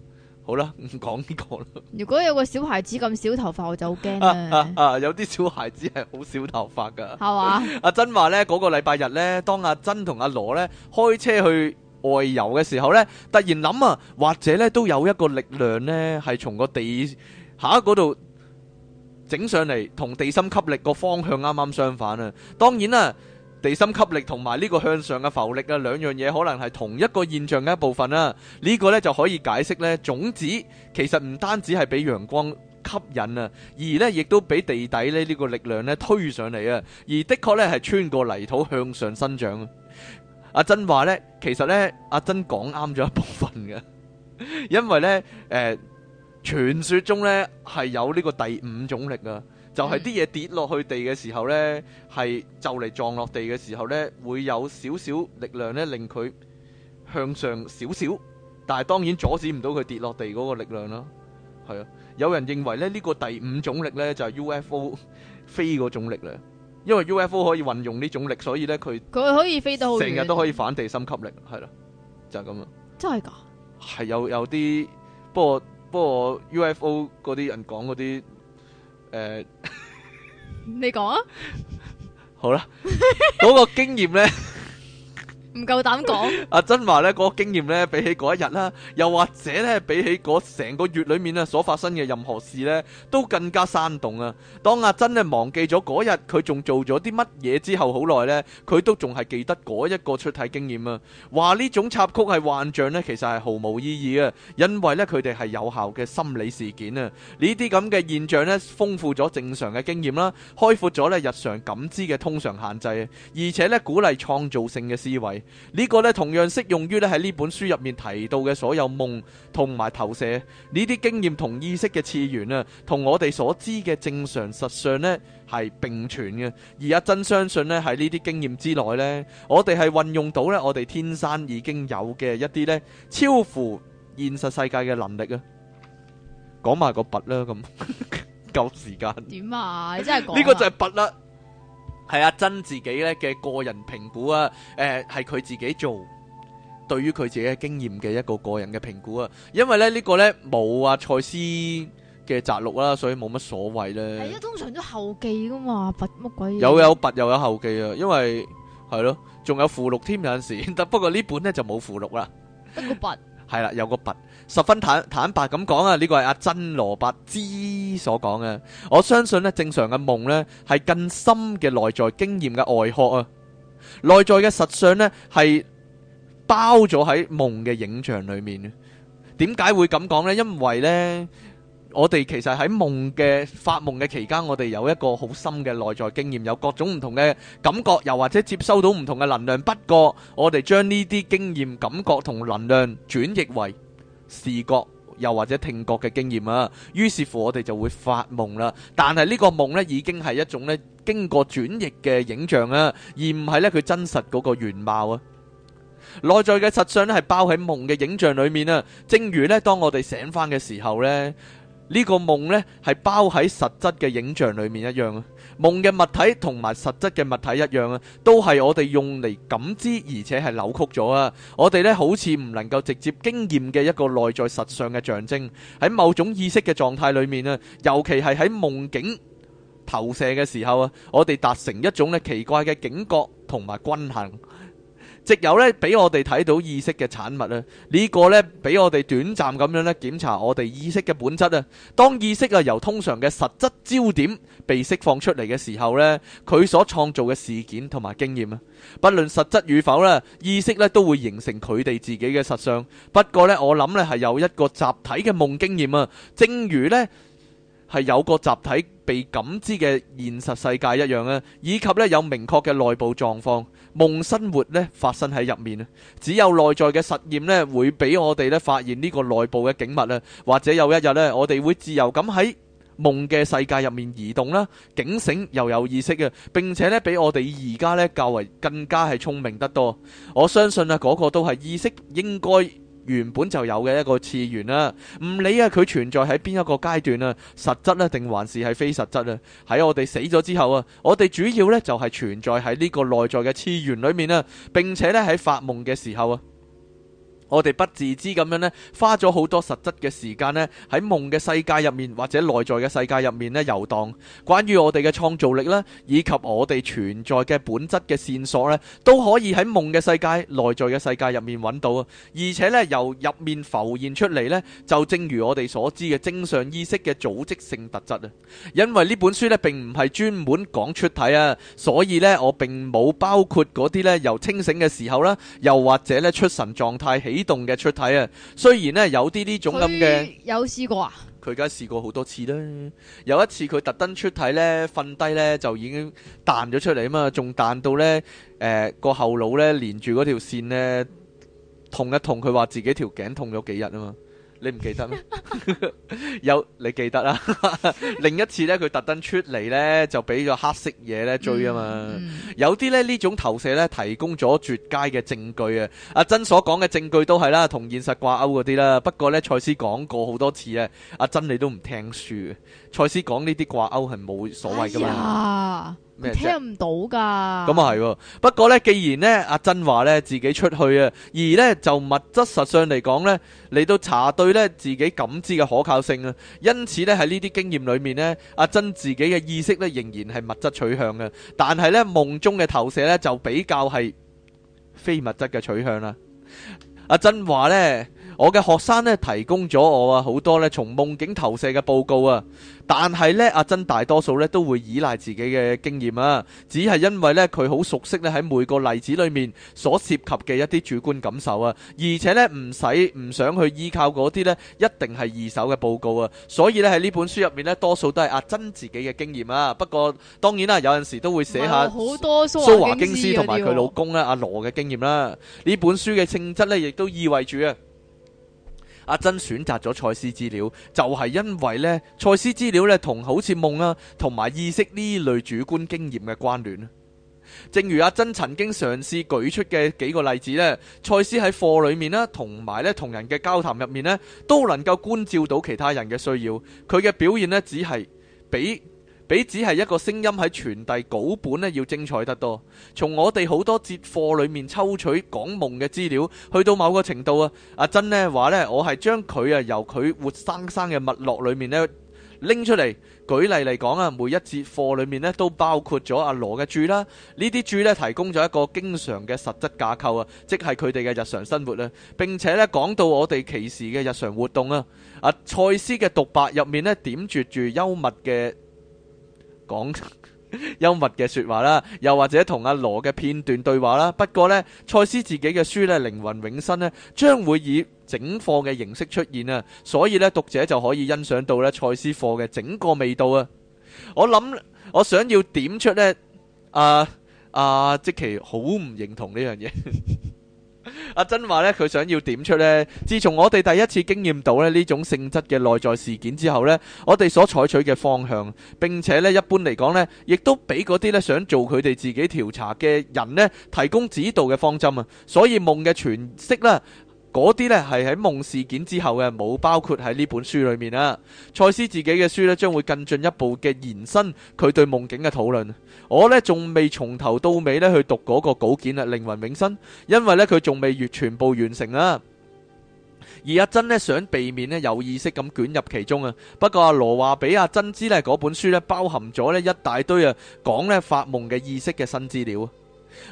好啦，唔講呢個啦。如果有個小孩子咁少頭髮，我就好驚啊，啊，啊！有啲小孩子係好少頭髮噶，係嘛？ (laughs) 阿珍話呢嗰、嗰個禮拜日呢，當阿珍同阿羅呢開車去外遊嘅時候呢，突然諗啊，或者呢都有一個力量呢，係從個地下嗰度整上嚟，同地心吸力個方向啱啱相反啊！當然啦、啊。地心吸力同埋呢個向上嘅浮力啊，兩樣嘢可能係同一個現象嘅一部分啦、啊。呢、呢個呢就可以解釋呢種子其實唔單止係俾陽光吸引啊，而呢亦都俾地底呢呢、呢個力量呢推上嚟，啊。而的確呢係穿過泥土向上生長啊。阿珍話呢，其實呢，阿珍講啱咗一部分嘅，因為呢，誒、呃、傳說中呢係有呢個第五種力啊。就係啲嘢跌落去地嘅時候呢，係就嚟撞落地嘅時候呢，會有少少力量咧，令佢向上少少。但係當然阻止唔到佢跌落地嗰個力量咯。係啊，有人認為咧，呢個第五種力呢，就係 UFO 飛嗰種力量。因為 UFO 可以運用呢種力，所以呢，佢，佢可以飛到成日都可以反地心吸力，係啦，就係咁啊，真係㗎，係有有啲不過，不過 UFO 嗰啲人講嗰啲。誒， (laughs) 你講啊，好啦，嗰、嗰個經驗咧。唔夠膽講。阿珍話咧，嗰個經驗咧，比起嗰一日啦，又或者咧，比起嗰成個月裏面咧，所發生嘅任何事咧，都更加生動啊！當阿珍咧忘記咗嗰日佢仲做咗啲乜嘢之後，好耐咧，佢都仲係記得嗰一個出體經驗啊！話呢種插曲係幻象咧，其實係毫無意義啊！因為咧，佢哋係有效嘅心理事件啊！呢啲咁嘅現象咧，豐富咗正常嘅經驗啦，開闊咗咧日常感知嘅通常限制啊，而且咧鼓勵創造性嘅思維。這個、呢個咧同樣適用於咧喺呢本書入面提到嘅所有夢同埋投射呢啲經驗同意識嘅次元啊，同我哋所知嘅正常實相咧係並存嘅。而阿珍相信咧喺呢啲經驗之內咧，我哋係運用到咧我哋天生已經有嘅一啲咧超乎現實世界嘅能力啊！講埋個拔啦，咁 (laughs) 夠時間點啊！真係呢、這個就係拔啦。係阿珍自己咧嘅個人評估啊，誒係佢自己做，對於佢自己嘅經驗嘅一個個人嘅評估啊，因為咧呢、這個咧冇阿賽斯嘅摘錄啦，所以冇乜所謂咧。係、哎、啊，通常都後記噶嘛，拔乜鬼、啊？有有拔，又有，有後記啊，因為係咯，仲有附錄添有陣時，不過這本呢本咧就冇附錄啦，得個拔。係啦，有個筆，十分坦坦白咁講啊，呢個係阿真蘿蔔枝所講啊。我相信呢，正常嘅夢呢係更深嘅內在經驗嘅外殼啊，內在嘅實相呢係包咗喺夢嘅影像裏面。點解會咁講呢？因為呢。我哋其實喺夢嘅發夢嘅期間，我哋有一個好深嘅內在經驗，有各種唔同嘅感覺，又或者接收到唔同嘅能量。不過，我哋將呢啲經驗、感覺同能量轉譯為視覺，又或者聽覺嘅經驗啊。於是乎，我哋就會發夢啦。但係呢個夢咧，已經係一種咧經過轉譯嘅影像啊，而唔係咧佢真實嗰個原貌啊。內在嘅實相咧係包喺夢嘅影像裏面啊。正如咧，當我哋醒翻嘅時候咧。這個、夢，呢個夢呢係包喺實質嘅影像裏面一樣啊，夢嘅物體同埋實質嘅物體一樣啊，都係我哋用嚟感知而且係扭曲咗啊，我哋呢好似唔能夠直接經驗嘅一個內在實相嘅象徵。喺某種意識嘅狀態裏面啊，尤其係喺夢境投射嘅時候啊，我哋達成一種呢奇怪嘅警覺同埋均衡。直有咧俾我哋睇到意識嘅產物呢、呢個呢俾我哋短暫咁樣呢檢查我哋意識嘅本質啊。當意識啊由通常嘅實質焦點被釋放出嚟嘅時候呢，佢所創造嘅事件同埋經驗啊，不論實質與否啦，意識呢都會形成佢哋自己嘅實相。不過呢我諗呢係有一個集體嘅夢經驗啊，正如呢係有個集體被感知嘅現實世界一樣啊，以及呢有明確嘅內部狀況。夢生活咧發生喺入面啊，只有內在嘅實驗咧會俾我哋咧發現呢個內部嘅景物啦，或者有一日咧我哋會自由咁喺夢嘅世界入面移動啦，警醒又有意識嘅，並且咧比我哋而家咧較為更加係聰明得多。我相信啊嗰個都係意識應該。原本就有嘅一個次元啦，唔理啊佢存在喺邊一個階段啊，實質呢定還是係非實質啊，喺我哋死咗之後啊，我哋主要呢就係存在喺呢個內在嘅次元裏面啊，並且呢喺發夢嘅時候啊。我哋不自知咁樣呢，花咗好多實質嘅時間呢，喺夢嘅世界入面或者內在嘅世界入面呢，遊蕩。關於我哋嘅創造力啦，以及我哋存在嘅本質嘅線索呢，都可以喺夢嘅世界、內在嘅世界入面揾到啊。而且呢，由入面浮現出嚟呢，就正如我哋所知嘅正常意識嘅組織性特質啊。因為呢本書呢，並唔係專門講出體啊，所以呢，我並冇包括嗰啲呢，由清醒嘅時候啦，又或者呢，出神狀態起。啟動嘅出體啊，雖然咧有啲呢種咁嘅，有試過啊，佢而家試過好多次啦。有一次佢特登出體咧，瞓低咧就已經彈咗出嚟，啊嘛，仲彈到咧誒個後腦咧連住嗰條線咧痛一痛，佢話自己條頸痛咗幾日啊嘛。你唔記得咩？ (laughs) (laughs) 有你記得啦。 (laughs) 另一次呢佢特登出嚟呢，就俾個黑色嘢呢追啊嘛。嗯嗯、有啲呢呢種投射呢，提供咗絕佳嘅證據啊。阿珍所講嘅證據都係啦，同現實掛鈎嗰啲啦。不過呢，賽斯講過好多次啊，阿珍你都唔聽書。賽斯講呢啲掛鈎係冇所謂㗎嘛。哎聽唔到噶，咁啊係喎。不過呢，既然呢阿珍話呢自己出去啊，而呢就物質實上嚟講呢，嚟到查對呢自己感知嘅可靠性啊。因此呢，喺呢啲經驗裏面呢，阿珍自己嘅意識呢仍然係物質取向嘅，但係呢，夢中嘅投射呢就比較係非物質嘅取向啦。阿珍話呢。我嘅學生咧提供咗我啊，好多咧從夢境投射嘅報告啊。但係咧，阿珍大多數咧都會依賴自己嘅經驗啊，只係因為咧佢好熟悉咧喺每個例子裏面所涉及嘅一啲主觀感受啊，而且咧唔使唔想去依靠嗰啲咧一定係二手嘅報告啊。所以咧喺呢本書入面咧，多數都係阿珍自己嘅經驗啊。不過當然啦，有陣時都會寫下蘇華京斯同埋佢老公咧阿羅嘅經驗啦。呢本書嘅性質咧，亦都意味住啊。阿珍選擇咗賽斯資料，就係因為呢賽斯資料呢，同好似夢啊，同埋意識呢類主觀經驗嘅關聯。正如阿珍曾經嘗試舉出嘅幾個例子呢，賽斯喺課裏面啦，同埋呢同人嘅交談入面呢，都能夠觀照到其他人嘅需要。佢嘅表現呢，只係俾比只係一個聲音喺傳遞稿本呢要精彩得多。從我哋好多節課裏面抽取講夢嘅資料，去到某個程度啊，阿珍呢話呢，我係將佢啊由佢活生生嘅脈絡裏面呢拎出嚟。舉例嚟講啊，每一節課裏面呢都包括咗阿羅嘅注啦，呢啲注呢提供咗一個經常嘅實質架構啊，即係佢哋嘅日常生活啊。並且呢講到我哋其時嘅日常活動啊，阿賽斯嘅獨白入面呢點綴住幽默嘅。講 (laughs) 幽默嘅說話啦，又或者同阿羅嘅片段對話啦。不過呢，蔡司自己嘅書呢《靈魂永生》呢，將會以整課嘅形式出現啊，所以呢，讀者就可以欣賞到呢蔡司課嘅整個味道啊。我諗我想要點出呢，阿、啊、阿、啊、即其好唔認同呢樣嘢。 (laughs) 阿真話咧，佢想要點出呢？自從我哋第一次經驗到咧呢種性質嘅內在事件之後呢，我哋所採取嘅方向，並且呢一般嚟講呢，亦都俾嗰啲呢想做佢哋自己調查嘅人呢提供指導嘅方針啊！所以夢嘅詮釋啦。嗰啲咧係喺夢事件之後嘅冇包括喺呢本書裏面啦。賽斯自己嘅書咧將會更進一步嘅延伸佢對夢境嘅討論。我咧仲未從頭到尾咧去讀嗰個稿件啦，《靈魂永生》，因為咧佢仲未閱全部完成啦。而阿珍咧想避免咧有意識咁捲入其中啊。不過阿羅話俾阿珍知，呢本書咧包含咗咧一大堆啊講咧發夢嘅意識嘅新資料。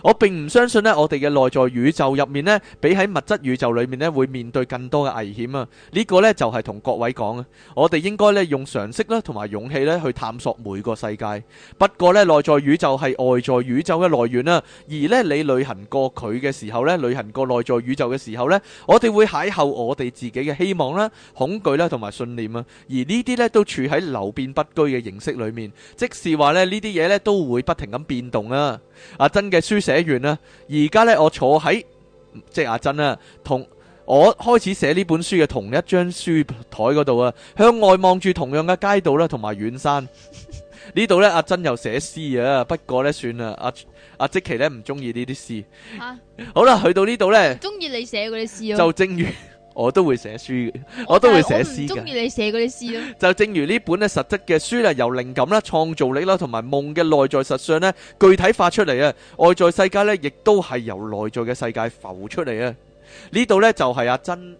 我並唔相信我哋嘅內在宇宙入面比喺物質宇宙裏面咧會面對更多嘅危險啊！呢、呢個呢，就係同各位講啊，我哋應該用常識啦，同埋勇氣去探索每個世界。不過呢，內在宇宙係外在宇宙嘅來源啦，而你旅行過佢嘅時候，旅行過內在宇宙嘅時候，我哋會邂逅我哋自己嘅希望啦、恐懼啦同埋信念啊。而呢啲都處喺流變不居嘅形式裏面，即是話咧呢啲嘢都會不停咁變動啊！真嘅。書寫完啦，而家咧我坐喺即阿珍啊，同我開始寫呢本書嘅同一張書台嗰度啊，向外望住同樣嘅街道啦，同埋遠山呢度咧，阿珍又寫詩啊，不過咧算啦，阿阿即奇咧唔中意呢啲詩，好啦，去到呢度咧，中意你寫嗰啲詩啊。就正如。 (laughs) 我都會寫書嘅，我都會寫詩嘅。中意你寫嗰啲詩咯。就正如這本呢本咧實質嘅書啦，由靈感啦、創造力啦，同埋夢嘅內在實相咧，具體發出嚟啊。外在世界咧，亦都係由內在嘅世界浮出嚟啊。這裏呢度咧就係、是、阿珍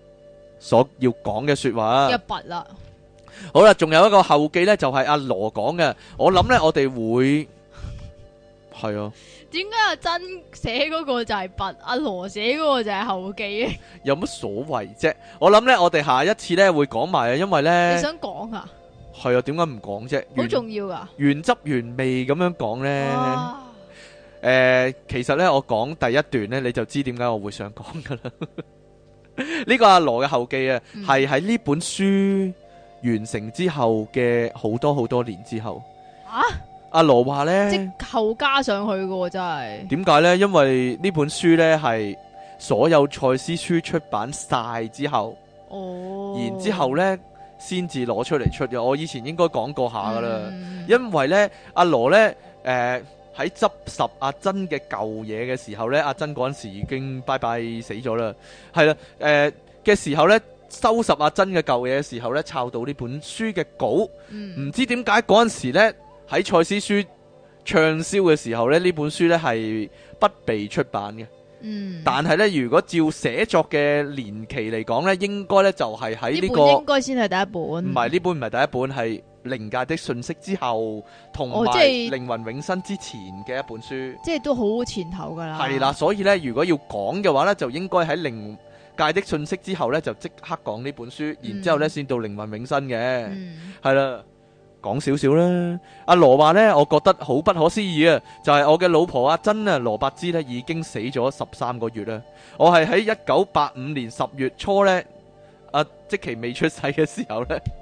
所要講嘅說話。一筆啦。好啦，仲有一個後記咧，就係、是、阿羅講嘅。我諗咧，我哋會係 (laughs) 啊。點解阿珍寫嗰個就係筆，阿羅寫嗰個就係後記？有乜所謂啫？我諗呢，我哋下一次呢會講埋啊，因為呢，你想講啊？係啊，點解唔講啫？好重要噶原汁原味咁樣講呢、啊呃。其實呢，我講第一段呢，你就知點解我會想講噶啦。呢 (laughs) 個阿羅嘅後記啊，係喺呢本書完成之後嘅好多好多年之後啊。阿羅話呢，即後加上去嘅，真係。點解呢？因為呢本書呢，係所有賽斯書出版晒之後，哦，然之後呢先至攞出嚟出嘅。我以前應該講過下噶啦，嗯，因為呢，阿羅呢，誒喺執拾阿珍嘅舊嘢嘅時候呢，阿珍嗰陣時已經拜拜死咗啦，係啦，誒、呃、嘅時候呢，收拾阿珍嘅舊嘢嘅時候呢，抄到呢本書嘅稿，唔、嗯、知點解嗰陣時呢喺《賽斯書》暢銷嘅時候咧，呢本書咧係不被出版嘅。嗯，但係呢，如果照寫作嘅年期嚟講呢，應該呢就係喺呢個應該先係第一本。唔係呢本唔係第一本，係《靈界的信息》之後同埋哦、《靈魂永生》之前嘅一本書。即係都好前頭噶啦。係啦，所以呢，如果要講嘅話呢，就應該喺《靈界的信息》之後呢，就即刻講呢本書，嗯、然之後咧先到《靈魂永生》嘅。嗯，係啦。講少少啦，阿羅話呢，我覺得好不可思議啊！就係、是、我嘅老婆阿珍啊，羅伯芝呢已經死咗十三個月啦。我係喺一九八五年十月初呢，阿、啊、即其未出世嘅時候呢。 (laughs)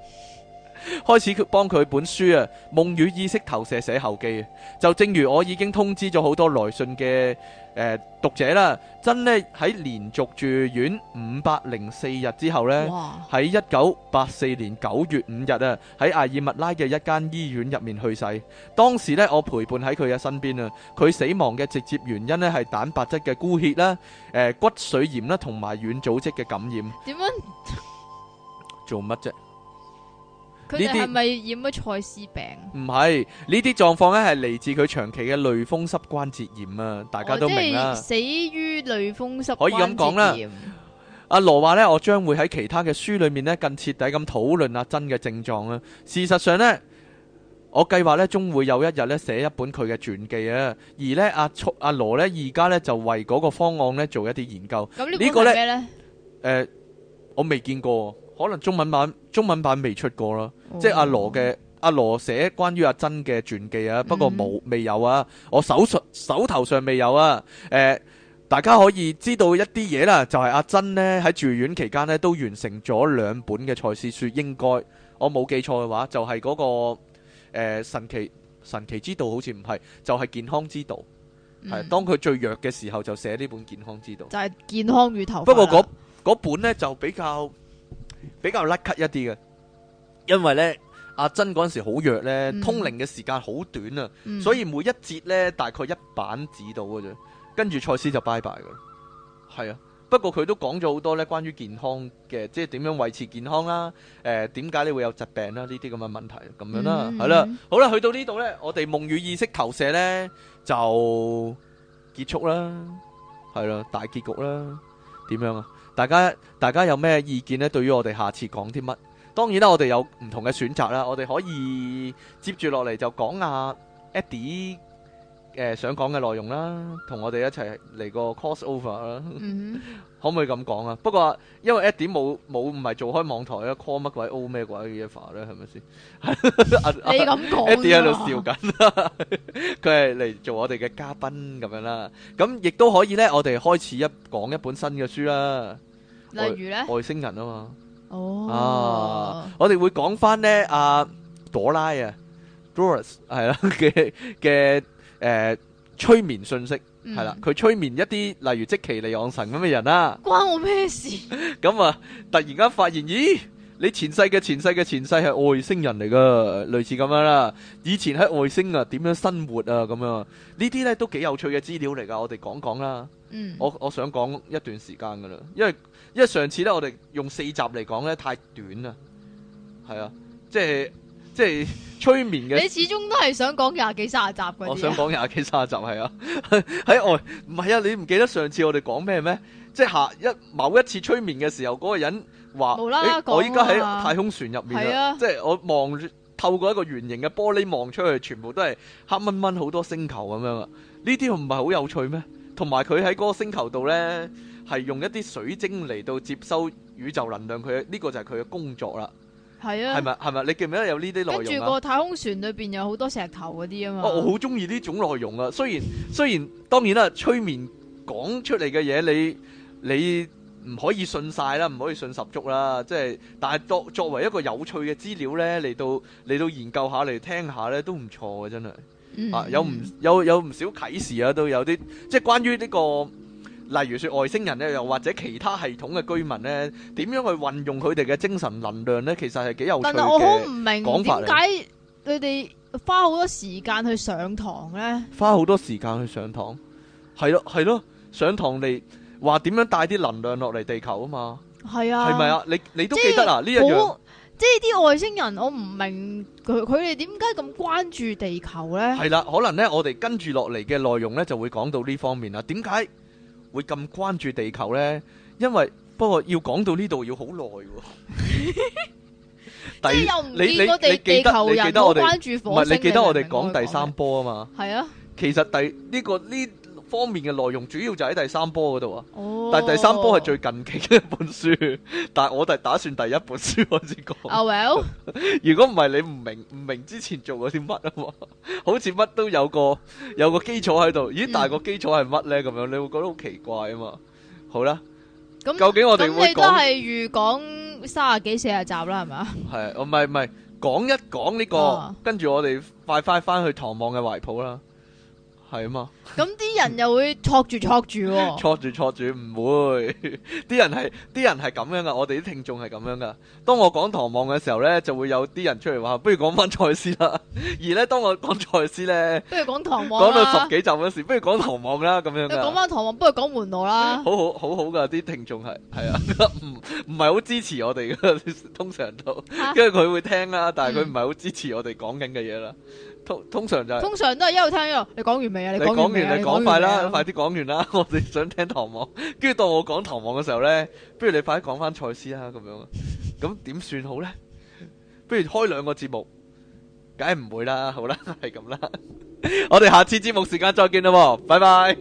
開始佢幫佢本書啊《夢與意識投射》寫後記，就正如我已經通知咗好多來信嘅誒、呃、讀者啦。真呢喺連續住院五百零四日之後呢，喺一九八四年九月五日啊，喺艾爾麥拉嘅一間醫院入面去世。當時呢，我陪伴喺佢嘅身邊啊。佢死亡嘅直接原因呢係蛋白質嘅枯血啦、啊，誒、呃、骨髓炎啦、啊，同埋軟組織嘅感染。點樣 (laughs) 做乜啫？佢哋係咪染咗賽斯病？唔係呢啲狀況咧，係嚟自佢長期嘅類風濕關節炎啊！大家都明啦。哦就是、死於類風濕關節炎，可以咁講啦。阿羅話呢，我將會喺其他嘅書裏面呢，更徹底咁討論阿珍嘅症狀啊。事實上呢，我計劃呢，終會有一日呢寫一本佢嘅傳記啊。而呢，阿阿羅咧，而家呢，就為嗰個方案呢做一啲研究。咁呢本係咩呢，這個呢呃、我未見過。可能中文版中文版未出過咯，oh、即係阿羅嘅阿羅寫關於阿珍嘅傳記啊，不過冇、mm. 未有啊，我手上手頭上未有啊。誒、呃，大家可以知道一啲嘢啦，就係、是、阿珍咧喺住院期間咧都完成咗兩本嘅賽斯書，應該我冇記錯嘅話，就係、是、嗰、那個誒、呃、神奇神奇之道好似唔係，就係、是、健康之道。係、mm. 當佢最弱嘅時候就寫呢本健康之道。就係、是、健康與頭髮。不過嗰嗰本咧就比較。比較甩咳一啲嘅，因為咧阿珍嗰陣時好弱咧、嗯，通靈嘅時間好短啊、嗯，所以每一節咧大概一板指到嘅啫，跟住賽斯就拜拜嘅。係啊，不過佢都講咗好多咧關於健康嘅，即係點樣維持健康啦、啊，誒、呃，點解你會有疾病啦、啊？呢啲咁嘅問題咁樣啦，係、嗯、啦、啊，好啦、啊，去到這裡呢度咧，我哋夢與意識投射咧就結束啦，係啦、啊，大結局啦，點樣啊？大家大家有咩意見咧？對於我哋下次講啲乜？當然啦，我哋有唔同嘅選擇啦。我哋可以接住落嚟就講下 Eddie 誒、呃、想講嘅內容啦，同我哋一齊嚟個 cross over 啦。嗯、可唔可以咁講啊？不過、啊、因為 Eddie 冇冇唔係做開網台啊？call 乜鬼 O 咩鬼嘅嘢法咧？係咪先？你咁講啊？Eddie 喺度笑緊，佢係嚟做我哋嘅嘉賓咁樣啦。咁亦都可以咧，我哋開始一講一本新嘅書啦。例如咧，外星人啊嘛，哦，啊，我哋會講翻咧，阿朵拉啊，Doris 係啦嘅嘅，誒，催眠信息係啦，佢催眠一啲例如即其尼昂神咁嘅人啦，關我咩事？咁啊，突然間發現，咦，你前世嘅前世嘅前世係外星人嚟噶，類似咁樣啦，以前喺外星啊，點樣生活啊，咁樣呢啲咧都幾有趣嘅資料嚟噶，我哋講講啦。我我想講一段時間噶啦，因為因為上次咧我哋用四集嚟講咧太短啦，係啊，即係即係催眠嘅。 (laughs) 你始終都係想講廿幾卅集嗰啲、啊、 (laughs) 我想講廿幾卅集係啊，喺外唔係啊？你唔記得上次我哋講咩咩？即係下一某一次催眠嘅時候，嗰、那個人話、欸：，我依家喺太空船入面啦，即係我望透過一個圓形嘅玻璃望出去，全部都係黑蚊蚊好多星球咁樣啊！呢啲唔係好有趣咩？同埋佢喺嗰個星球度呢，係用一啲水晶嚟到接收宇宙能量，佢嘅呢個就係佢嘅工作啦。係啊，係咪係咪？你記唔記得有呢啲內容啊？跟住個太空船裏邊有好多石頭嗰啲啊嘛。哦，我好中意呢種內容啊，雖然雖然當然啦，催眠講出嚟嘅嘢，你你唔可以信晒啦，唔可以信十足啦，即係，但係作作為一個有趣嘅資料呢，嚟到嚟到研究下嚟聽下呢，都唔錯嘅，真係。 (noise) 啊！有唔有有唔少啟示啊？都有啲即係關於呢個，例如説外星人咧，又或者其他系統嘅居民咧，點樣去運用佢哋嘅精神能量咧？其實係幾有趣嘅講法嚟。但係我好唔明點解佢哋花好多時間去上堂咧？花好多時間去上堂，係咯，係咯，上堂嚟話點樣帶啲能量落嚟地球啊嘛？係啊，係咪啊？你你都記得啦，呢一樣。即係啲外星人我不，我唔明佢佢哋點解咁關注地球咧？係啦，可能咧，我哋跟住落嚟嘅內容咧，就會講到呢方面啦。點解會咁關注地球咧？因為不過要講到呢度要好耐、哦。第 (laughs) 你你哋記得記得我哋關注火星唔係，你記得我哋講第三波啊嘛？係啊，其實第呢、這個呢。這個這個方面嘅內容主要就喺第三波嗰度啊，oh. 但係第三波係最近期嘅一本書，但係我哋打算第一本書開始講。啊、oh, Well，如果唔係你唔明唔明之前做咗啲乜啊，好似乜都有個有個基礎喺度，咦？但、嗯、係個基礎係乜咧？咁樣你會覺得好奇怪啊嘛？好啦，咁、嗯、究竟我哋咁、嗯、你都係預講三十幾四十集啦，係嘛？係，唔係唔係講一講呢、這個，跟、oh. 住我哋快快翻去唐望嘅懷抱啦。係啊嘛，咁 (laughs) 啲人又會挫住挫住，挫住挫住，唔會，啲 (laughs) 人係啲人係咁樣噶，我哋啲聽眾係咁樣噶。當我講唐望嘅時候咧，就會有啲人出嚟話，不如講翻賽斯啦。而咧，當我講賽斯咧，不如講唐望，講到十幾集嘅時，不如講唐望啦，咁樣噶。講翻唐望，不如講門路啦。好好好好噶，啲聽眾係係啊，唔唔係好支持我哋噶，通常都，跟住佢會聽啦，但係佢唔係好支持我哋講緊嘅嘢啦。通，通常就係，通常都係一路聽一路。你講完未啊？你講完，你講快啦，快啲講完啦。我哋想聽唐望。跟住到我講唐望嘅時候咧，不如你快啲講返賽斯啦，咁樣。咁點算好咧？不如開兩個節目，梗係唔會啦。好啦，係咁啦。我哋下次節目時間再見啦，拜拜。